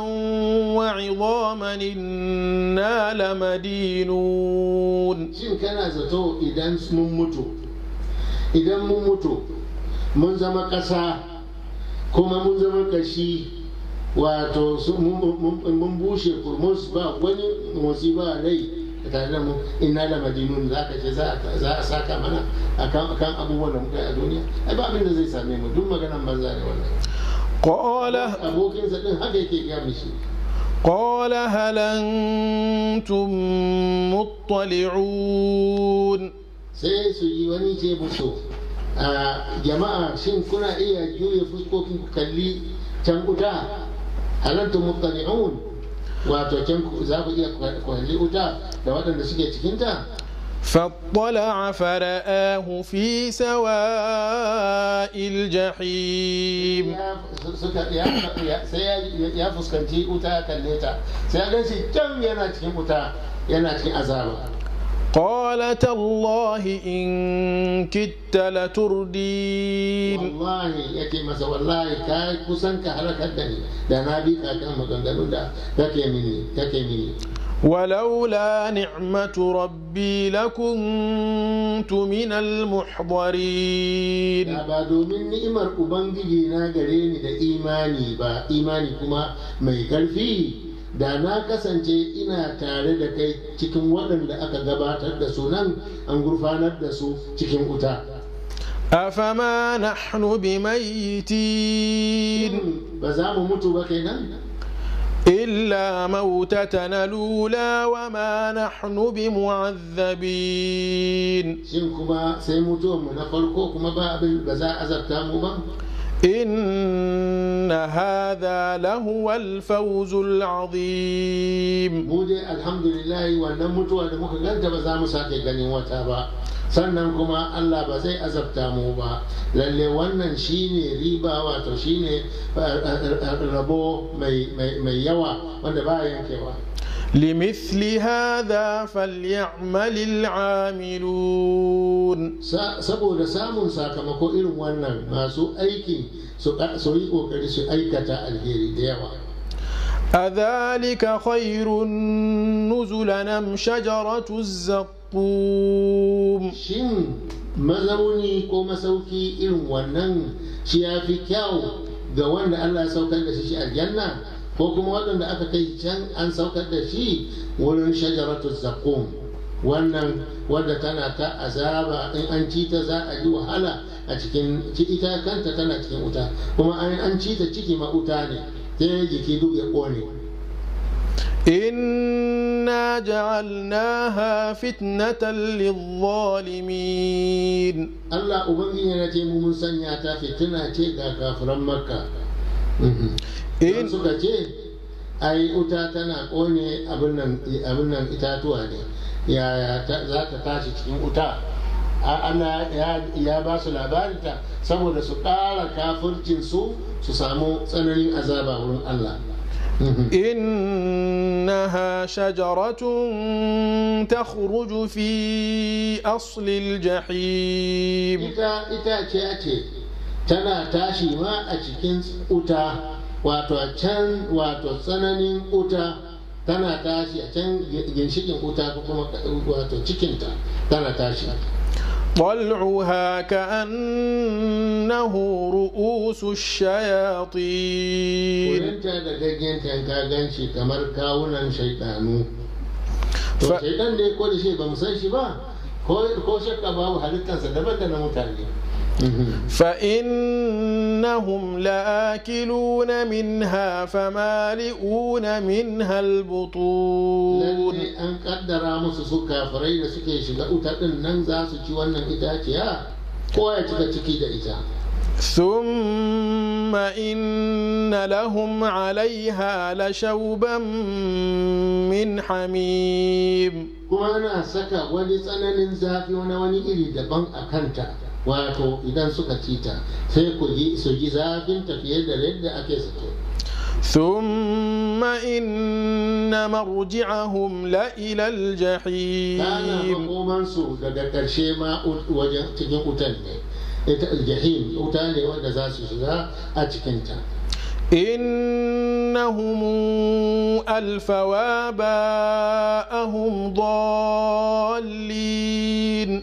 وعظاما إنا لمدينون شين كان زتو إذا ممتو إذا ممتو من زمان كسا كما من زمان كشي wato mun bushe kurmus ba wani motsi ba rai A tare da mu inna da madinun za ka ce za a saka mana kan abubuwan da muka yi a duniya ai ba abin da zai same mu duk maganan banza ne wannan qala abokin sa din haka yake ga mishi Sai su yi wani سيسوي ونيجي بسو جماعة شن كنا إيه جوي فسكوكي كلي can kuta? هل أنتم مطلعون واتوتنكو زابو إيا كوهلي أتا لوادا نسيكي كنتا فاطلع فرآه في سواء الجحيم يا فسكنتي أتا كليتا سيأغنسي جم يناتكي أتا يناتي أزابا قال تالله إن كدت لتردين والله يكي مسا والله كاي كسنك هلك الدني دا نبي كان مغندلون دا تكي مني تكي مني ولولا نعمة ربي لكنت من المحضرين ba domin ni'imar ubangiji na gare ni da imani ba imani kuma mai karfi da na kasance ina tare da kai cikin waɗanda aka gabatar da su nan an gurfanar da su cikin wuta afama nahnu bimaitin ba za mu mutu ba kenan إلا موتتنا الأولى وما نحن بمعذبين شنكما سيموتون من فرقوكما باب البزاء ba? إن هذا لهو الفوز العظيم بودي الحمد لله ونمت ونمك غنت بزام ساكي غني وتابا sannan kuma Allah ba zai azabta mu ba lalle wannan shine riba wato shine eh, eh, eh, rabo mai yawa wanda yankewa لمثل هذا فليعمل العاملون saboda samun sakamako irin wannan masu aiki suyi yi su aikata alheri da yawa أذلك خير نزلا أم Shin الزقوم mazauni ko masauki irin wannan shi ya fi kyau ga wanda Allah ya saukar da shi aljanna ko kuma waɗanda aka kai can an saukar da shi wurin shajaratun zakum wannan wadda tana ta azaba in an ci ta za a wahala a cikin ita kanta tana cikin wuta kuma an ci ta ciki ma wuta ne sai jiki duk ya ƙone إنا ya فتنة للظالمين الله أبنجي نتي ممسن ياتا ce تيكا كافر مكة Eh. in suka ce ai wuta tana kone abin nan itatuwa ne ya za ta tashi cikin uta, ana ya ba su labarinta saboda su ƙara kafircin su su samu tsananin azaba wurin Allah إنها شجرة تخرج في أصل الجحيم ce إتا تأتي تنا تاشي ما أتكين أتا wato a can wato tsananin wuta tana tashi a can ginshikin wuta ko kuma wato cikinta tana tashi طلعها كأنه رؤوس الشياطين ورنتا da ka kamar kawunan shaidanu ko san shi ba ko shakka babu halittarsa da na mutane fa إنهم لآكلون منها فمالئون منها البطون أن قدر أمس سكا فريد سكي شغاء تقن ننزا سجوانا إتاتيا كوية تكيد إتا ثم إن لهم عليها لشوبا من حميم كما أنا أسكى ولسانا ننزا في ونواني إلي دبان أكانتا wato idan suka ci ta sai ku ji su ji zafin tafiye da yadda ake zato ثم إن مرجعهم لإلى الجحيم كان مقوما سودا دكتشي ما وجهت جنوتني الجحيم أتاني ونزاس شجاع أتكنتا إنهم ألفوا آباءهم ضالين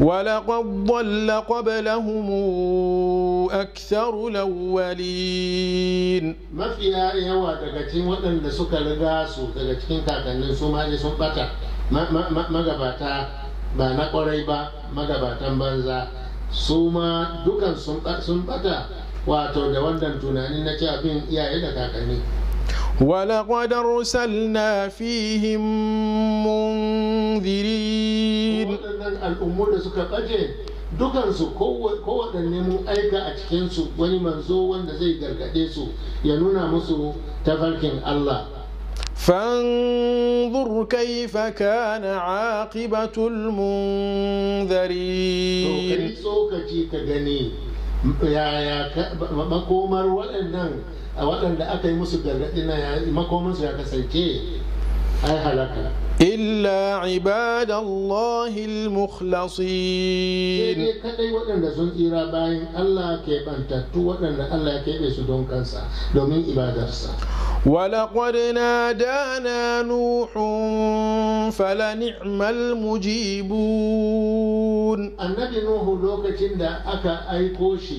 ولقد ضل قبلهم أكثر الأولين ما فيها يوا دقتين ودن دسوك لغاسو دقتين كاكن نسو ما جسو بطا ما ما ما ما غباتا ba na kwarai ba magabatan banza su sun bata wato da wannan tunanin na cewa bin iyaye da kakanni ولقد ارسلنا فيهم منذرين dukansu kowaɗanne mu aika a cikinsu wani manzo wanda zai gargaɗe su ya nuna musu tafarkin Allah. fanzur kaifa kana aqibatul munzari to kai tsokaci ka gani yaya makomar waɗannan a waɗanda aka yi musu gargaɗi na makomansu ya kasance ai halaka إلا عباد الله المخلصين kadai waɗanda sun tsira bayan Allah waɗanda Allah su don kansa domin ibadarsa ولقد نادانا نوح فلنعم المجيبون النبي نوح لوكتين دا أكا أيكوشي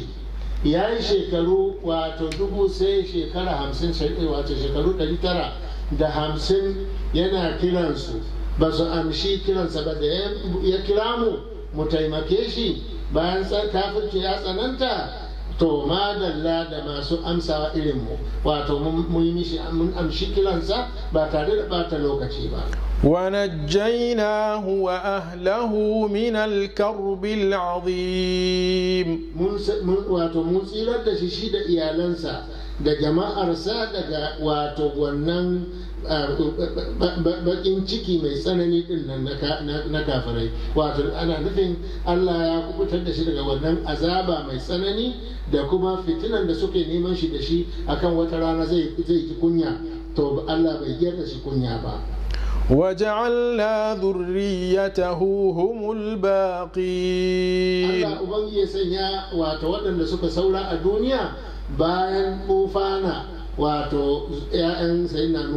ya yi shekaru wato dubu sai shekara hamsin wato shekaru ɗari tara da hamsin yana kiransu ba su amshi kiransa ba da ya kira mu mu taimake shi bayan kafirci ya tsananta to madalla da masu amsawa irinmu wato mun amshi kiransa ba tare da bata lokaci ba wa ونجيناه وأهله من الكرب العظيم wato mun tsirar da shi da iyalansa da jama'arsa daga wato wannan bakin ciki mai tsanani din nan na kafirai wato ana nufin Allah ya kubutar da shi daga wannan azaba mai tsanani da kuma fitinan da suke neman shi da shi akan wata rana zai ki kunya to Allah bai yarda shi kunya ba وجعلنا ذريته هم الباقين sanya wata سنيا suka لسوك a الدنيا باين موفانا wato 'ya'yan na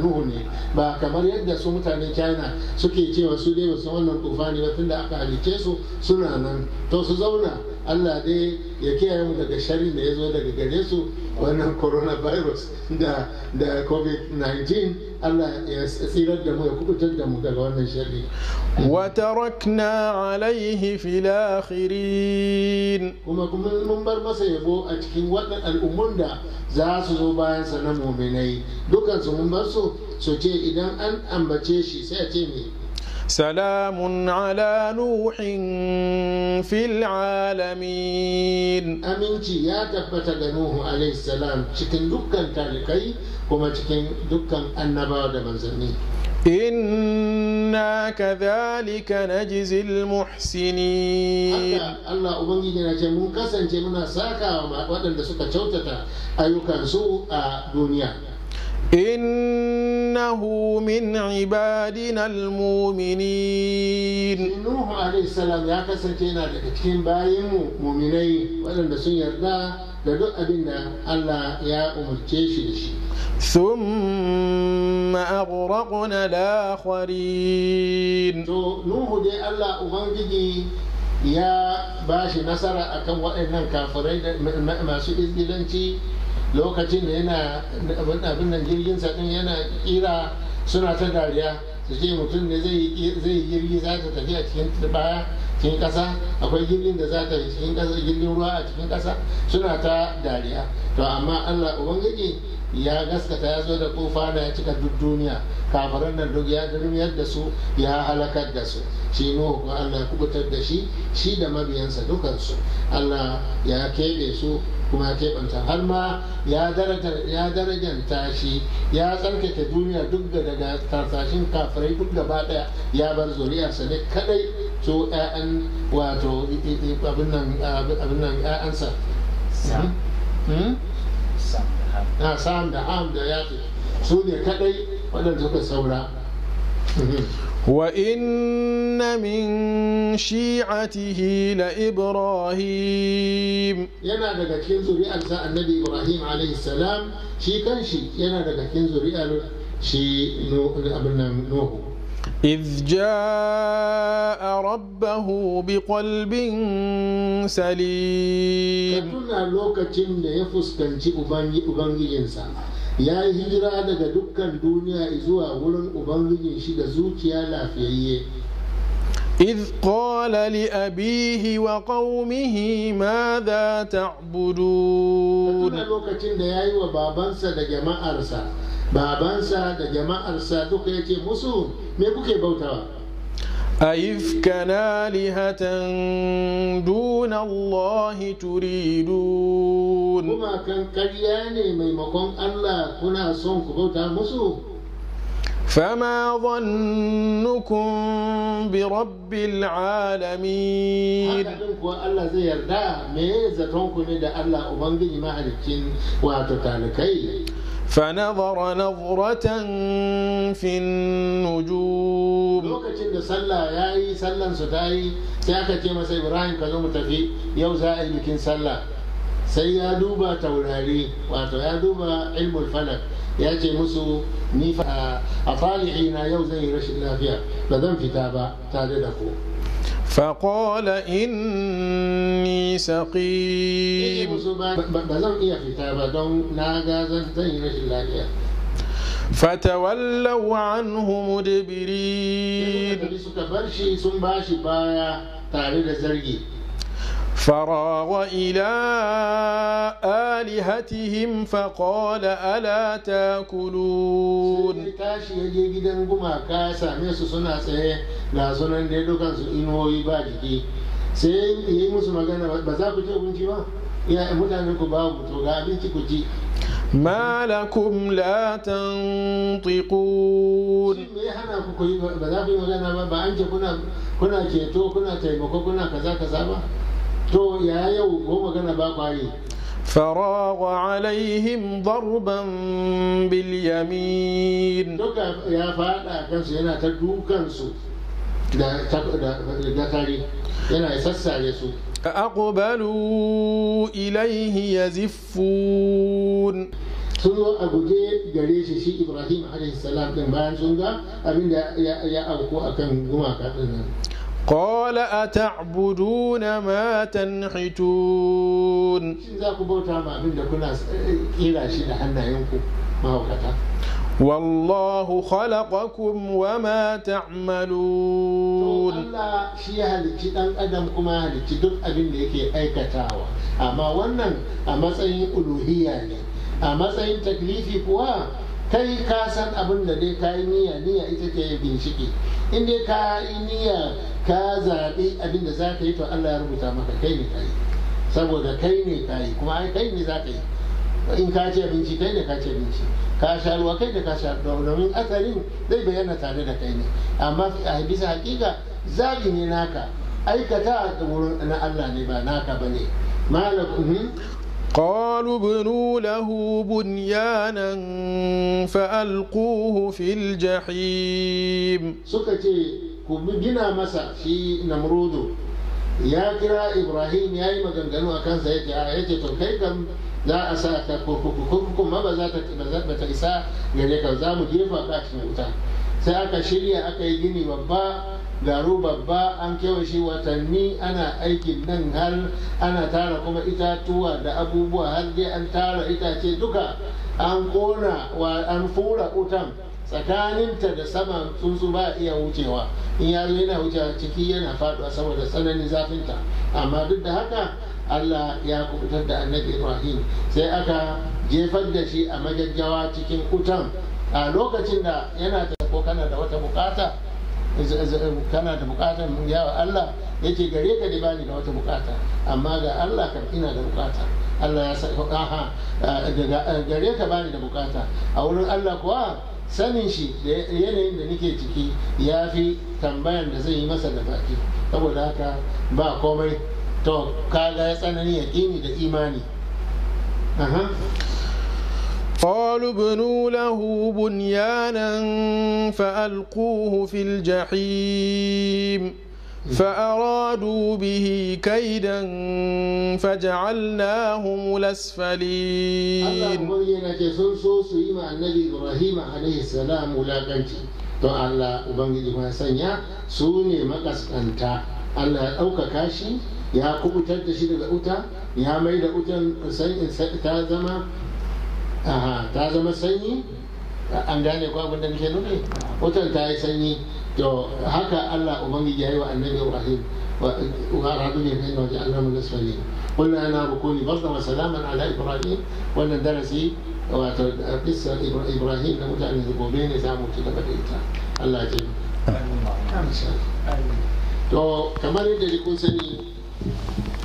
nuhu ne ba kamar yadda su mutanen china suke cewa su dai basu wannan tufani ba tunda aka halice su suna nan to su zauna allah dai ya kiyaye mu daga sharri da ya zo daga gare su wannan coronavirus da da covid-19 Allah ya tsira da mu ya kubutar da mu daga wannan sharri watarakna alaihi fil akhirin kuma kuma mun bar masa yabo a cikin waɗannan al'ummun da za su zo bayan sa na muminai dukansu mun bar su su ce idan an ambace shi sai a ce me سلام على نوح في العالمين أمينتي يا تبت نوح عليه السلام شكن دكان تالكي وما شكن دكان النبا دمزني إنا كذلك نجزي المحسنين الله أبنجي جناجي منكسن جمنا ساكا وما أدن دسوكا شوتتا أيوكا سوء دنيا إنه من عبادنا المؤمنين نوح عليه السلام يا كسنتينا لكتكين بايم مؤمني ولن سن يرضى لدؤ أبنا الله يا أمر جيش ثم أغرقنا الآخرين نوح دي الله أبنجي ya ba shi nasara akan waɗannan kafirai masu izgilanci lokacin da yana abin nan jirgin din yana kira suna ta dariya su ce mutum ne zai yi jirgi za ta tafi a cikin baya cikin ƙasa akwai jirgin da za ta yi cikin kasa jirgin ruwa a cikin ƙasa suna ta dariya to amma allah ubangiji ya gaskata ya zo da kofa da ya cika duk duniya kafaran nan duk ya durmiyar da su ya halakar da su shi nuhu allah ya kubutar da shi shi da mabiyansa dukansu allah ya keɓe su kuma ya keɓanta har ma ya darajanta shi ya tsarkake duniya duk da daga tarsashin kafirai duk gaba ɗaya ya bar zuriyarsa ne kadai su ƴaƴan wato abin nan hmm? ah, sam da ham da yaƙi su ne kadai waɗanda suka saura [laughs] وإن من شيعته لإبراهيم yana daga cikin zuri'arsa annabi Ibrahim alaihi salam shi kanshi yana daga cikin zuri'ar shi abin nan Nuhu إذ جاء ربه بقلب سليم كتنا لوكتين يفسكن أبنجي أبنجي إنسان ya yi hijira daga dukkan duniya izuwa wurin uban ubangijin shi da zuciya lafiyayye إذ قال لأبيه وقومه ماذا تعبدون lokacin da yayi wa babansa da jama'arsa babansa da jama'arsa duka yace musu me kuke bautawa أئفكا آلهة دون الله تريدون كما كان كرياني ميمكن الله كنا صنك بوتا مسو فما ظنكم برب العالمين الله زي يردا ميزة تنكو ندى الله أبنجي ما عليكين واتتالكي فنظر نظرة في النجوم lokacin da sallah ya yi sallansu ta sai aka ce masa ibrahim ka zo mu tafi yau za a yi bikin sallah sai ya duba taurari wato ya duba ilmul falak ya ce musu ni fa a fali'ina yau zan yi rashin lafiya ba zan fita ba tare da ku فقال إني سقيم فتولوا عنه مدبرين فراغ إلى آلهتهم فقال ألا تاكلون tashi ya gidan gumaka ya same su suna tsaye ga sunan da dukansu inuwoyi ba jiki sai ya yi musu magana ba za ku ci abinci ba ya ku babu to ga abinci ku ci ما لكم لا تنطقون ba za ku yi magana ba ba an kuna ceto kuna taimako kuna kaza kaza ba to ya yau ko magana ba kwaye فراغ عليهم ضربا باليمين دوكا يا فادا كانسو ينا تدوكانسو da tare yana sassare su aqbalu ilayhi yaziffun sun zo a guje gare shi shi ibrahim alaihi salam din bayan sun ga abinda ya auku kan gumaka din قال أتعبدون ما تنحتون والله خلقكم وما تعملون shi ya halicci dan adam kuma halicci duk abin da yake aikatawa amma wannan a matsayin uluhiyya ne a matsayin taklifi kuwa kai ka san abin da dai ka yi niyya niyya ita ke ginshiki in dai ka yi niyya ka zaɓi abin da za ka yi to Allah ya rubuta maka kai ne ka yi, saboda kai ne ka yi, kuma ai kai ne za ka yi in ka ci abinci kai ne ka ci abinci ka sha ruwa kai ne ka sha domin asalin zai bayyana tare da kai ne amma a bisa hakika zaɓi ne naka aikata a wurin na Allah ne ba naka ba ne malakum قالوا ابنوا له بنيانا فألقوه في الجحيم سكتي ku gina masa shi namrudu ya kira ibrahim ya yi maganganu a kansa ya ce ya ce to kai kam za a sa ta kurkuku ma ba za ta isa gare ka za mu jefa ka cikin wuta sai aka shirya aka yi gini babba garu babba an kewa shi watanni ana aikin nan har ana tara kuma itatuwa da abubuwa har dai an tara itace duka an kona an fura utan tsakaninta da sama tsuntsu ba iya wucewa in ya zo yana wucewa ciki yana faduwa saboda tsananin zafinta amma duk da haka allah ya kubutar da annabi ibrahim sai aka jefar da shi a majajjawa cikin kutan a lokacin da yana ko kana da wata bukata kana da bukatar yawa allah ya ce gare ka bani da wata bukata amma ga allah kan ina da bukata allah ya sa gare ka bani da bukata a wurin allah kuwa sanin shi da yanayin da nake ciki ya fi tambayan da zai yi masa da baki saboda haka ba komai to kaga ya tsanani ya da imani قالوا ابنوا له بنيانا فألقوه في الجحيم فأرادوا به كيدا فجعلناهم الأسفلين الله مبين جسون سو سيما النبي إبراهيم عليه السلام ولاقنتي to Allah Ubangiji ma sanya su ne makaskanta Allah ya ɗaukaka shi ya kubutar da shi daga uta ya mai da utan ta zama sanyi to haka Allah ubangiji yayi wa annabi Ibrahim wa ya min na ja'alna min asfalin qulna ana bukuni bardan wa salaman ala Ibrahim wannan darasi wato kissar Ibrahim da mutane da gobe ne za mu ci gaba da ita Allah ya to kamar yadda kun sani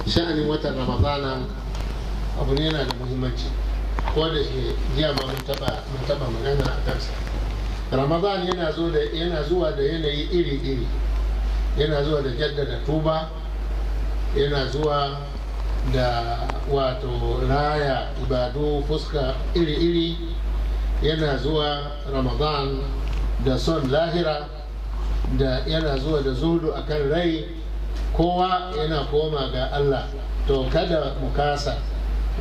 sha'anin watan ramadana abu ne yana da muhimmanci ko da jiya ma mun taba magana a kansa ramadan yana zuwa da yanayi iri-iri yana zuwa da jaddada tuba yana zuwa da wato raya ibadu fuska iri-iri yana zuwa ramadan da son lahira da yana zuwa da zudu kan rai kowa yana koma ga allah to kada mu kasa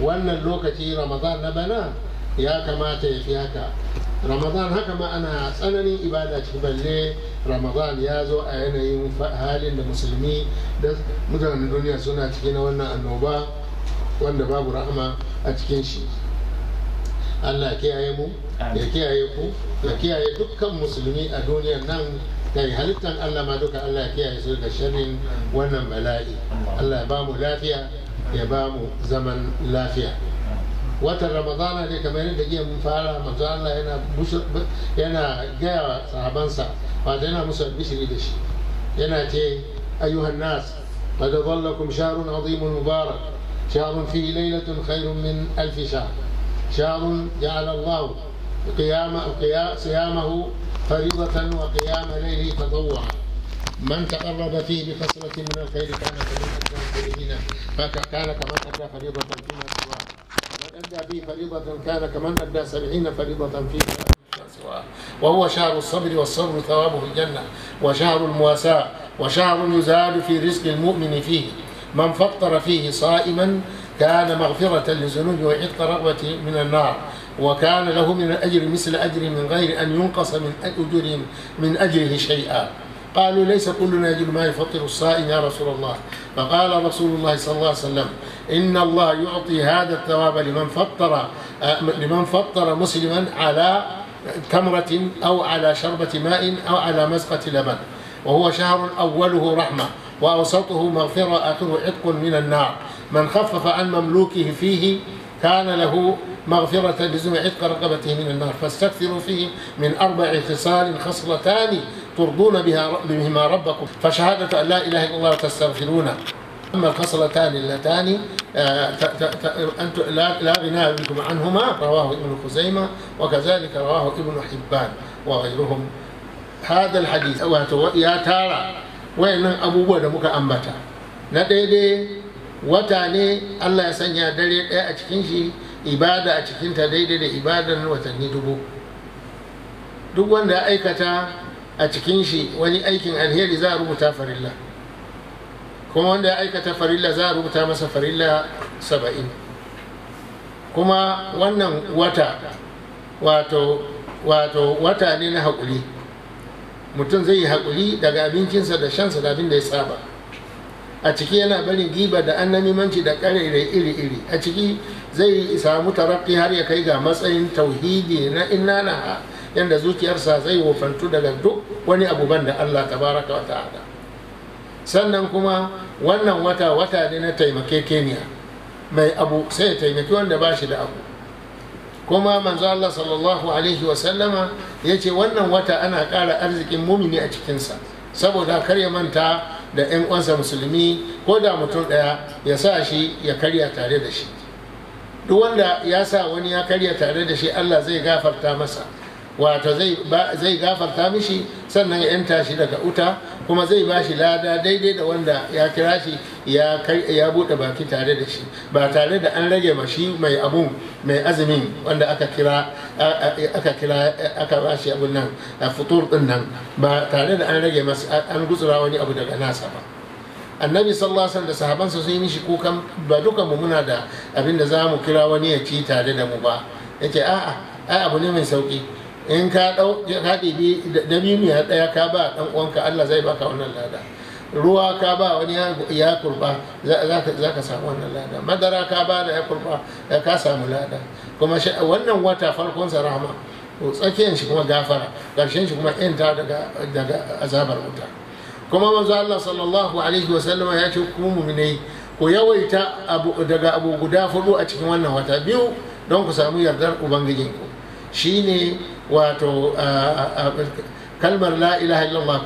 wannan lokaci ramadan na bana ya kamata ya fi haka ramadan haka ma ana tsananin ibada cikin balle ramadan ya zo a yanayin halin da musulmi da mutanen duniya suna ciki na wannan annoba wanda babu rahama a cikin shi allah kiyaye mu ya kiyaye ku ya kiyaye dukkan musulmi a duniya nan kai halittar allah ma duka allah ya kiyaye su ga shirin wannan bala'i allah ya ba mu lafiya ya ba mu zaman lafiya watan ramadana ne kamar yadda giya mun fara ramadana Allah yana busa yana gaya wa sahabansa ba da yana musu albishiri da shi yana ce ayyuhan nas قد ظلكم شهر عظيم مبارك شهر فيه ليلة خير من ألف شهر شهر جعل الله قيام صيامه فريضة وقيام ليله تطوعا من تقرب فيه بخصلة من الخير كان كمن فكان كمن أدى فريضة فيما سواه أدى بي فريضة كان كمن أدى سبعين فريضة فيه وهو شهر الصبر والصبر ثوابه الجنة وشهر المواساة وشهر يزاد في رزق المؤمن فيه من فطر فيه صائما كان مغفرة لذنوبه وحق رغبة من النار وكان له من الأجر مثل أجر من غير أن ينقص من أجر من أجره شيئا قالوا ليس كلنا يجد ما يفطر الصائم يا رسول الله فقال رسول الله صلى الله عليه وسلم إن الله يعطي هذا الثواب لمن فطر آه، لمن فطر مسلما على تمرة أو على شربة ماء أو على مسقة لبن وهو شهر أوله رحمة وأوسطه مغفرة آخره عتق من النار من خفف عن مملوكه فيه كان له مغفرة لزم عتق رقبته من النار فاستكثروا فيه من أربع خصال خصلتان ترضون بها بهما ربكم فشهادة أن لا إله إلا الله تستغفرونه أما الفصلتان اللتان آه، لا غناء بكم عنهما رواه ابن خزيمة وكذلك رواه ابن حبان وغيرهم هذا الحديث يا ترى وين أبو بودة مك أمتا ندري وتاني الله سنيا دري إيه أتكنشي إبادة أتكن تدري إبادة وتني دبو دبو أن أي كتا أتكنشي وني أيكن أنهي لزارو تافر الله kuma wanda ya aikata farilla za a rubuta masa farilla saba'in kuma wannan wata wato wato wata ne na haƙuri mutum zai yi haƙuri daga abincinsa da shansa da abin da ya saba a ciki yana barin giba da annamimanci da ƙarere iri-iri a ciki zai samu tarafi har ya kai ga matsayin tauhidi na inna yadda zuciyarsa zai wofantu daga duk wani abu ban da allah tabaraka wa ta'ala sannan kuma wannan wata wata ne na taimake Kenya mai abu sai taimaki wanda ba shi da abu kuma manzo Allah sallallahu alaihi wa ya ce wannan wata ana ƙara arzikin mumini a cikinsa saboda kar ya manta da 'yan uwansa musulmi ko da mutum ɗaya ya sa shi ya karya tare da shi duk wanda ya sa wani ya karya tare da shi Allah zai gafarta masa wato zai gafarta mishi sannan ya yanta shi daga uta kuma zai ba shi lada daidai da wanda ya kira shi ya bude baki tare da shi ba tare da an rage mashi mai abu mai azumin wanda aka kira aka kira aka ba shi abun nan a fitur din nan ba tare da an rage masa an gutsura wani abu daga nasa ba annabi sallallahu alaihi da sahabansa sun yi mishi kukan ba duka mu muna da abin da za mu kira wani ya ci tare da mu ba Yake a'a ai abu ne mai sauki in ka dau ka ɗibi da ya ɗaya ka ba ɗan uwanka Allah zai baka wannan lada ruwa ka ba wani ya kurba za ka samu wannan lada madara ka ba da ya kurba ka samu lada kuma wannan wata farkon sa rahama tsakiyar shi kuma gafara ƙarshen shi kuma yanta daga azabar wuta kuma manzo Allah sallallahu alaihi wa sallama ya ce ku mu'minai ku yawaita daga abu guda fudu a cikin wannan wata biyu don ku samu yardar ubangijinku shine wato kalmar la ilaha illallah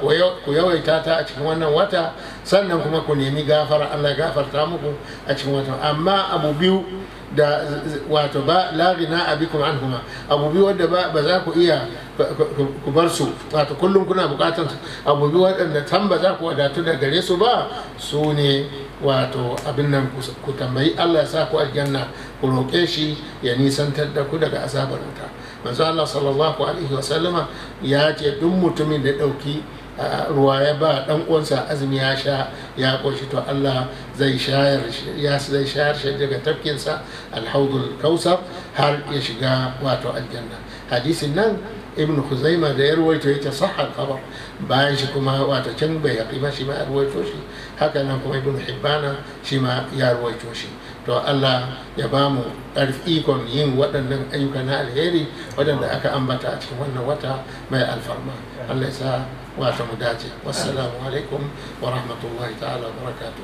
ku yawaita ta a cikin wannan wata sannan kuma ku nemi gafara Allah gafarta muku a cikin wata amma abu biyu da wato ba la gina abikum anhuma abu biyu wadda ba za ku iya ku bar su wato kullum kuna bukatan abu biyu waɗanda tan ba za ku wadatu da gare su ba su ne wato abin nan ku tambayi Allah ya sa ku aljanna ku roƙe shi ya nisantar da ku daga asabar wuta manzo Allah sallallahu alaihi sallama ya ce duk mutumin da ɗauki ruwa ya ba dan uwansa azumi ya sha ya koshi to Allah zai shayar ya zai shayar shi daga tafkinsa alhaudul kausar har ya shiga wato aljanna hadisin nan ibn Khuzaima da ya ruwaito ya ta sahha khabar bayan shi kuma wato can bai yaqi ba shi ma ya ruwaito shi haka nan kuma ibn Hibbana shi ma ya ruwaito shi to Allah ya ba mu ikon yin waɗannan ayyuka na alheri waɗanda aka ambata a cikin wannan wata mai alfarma Allah ya sa wata mu dace wassalamu alaikum wa rahmatullahi ta'ala wa barakatu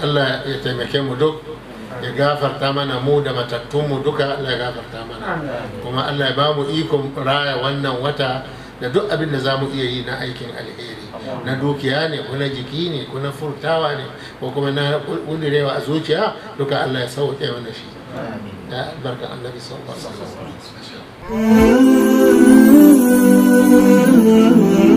Allah ya taimake mu duk ya gafarta mana mu da matattunmu duka Allah ya gafarta mana kuma Allah ya bamu ikon raya wannan wata da duk abin da za mu iya yi na aikin alheri na dukiya ne ko na jiki ne ko na furtawa ne ko kuma na kundurewa a zuciya duka Allah ya sauke mana shi da barka bi sallallahu alaihi wasallam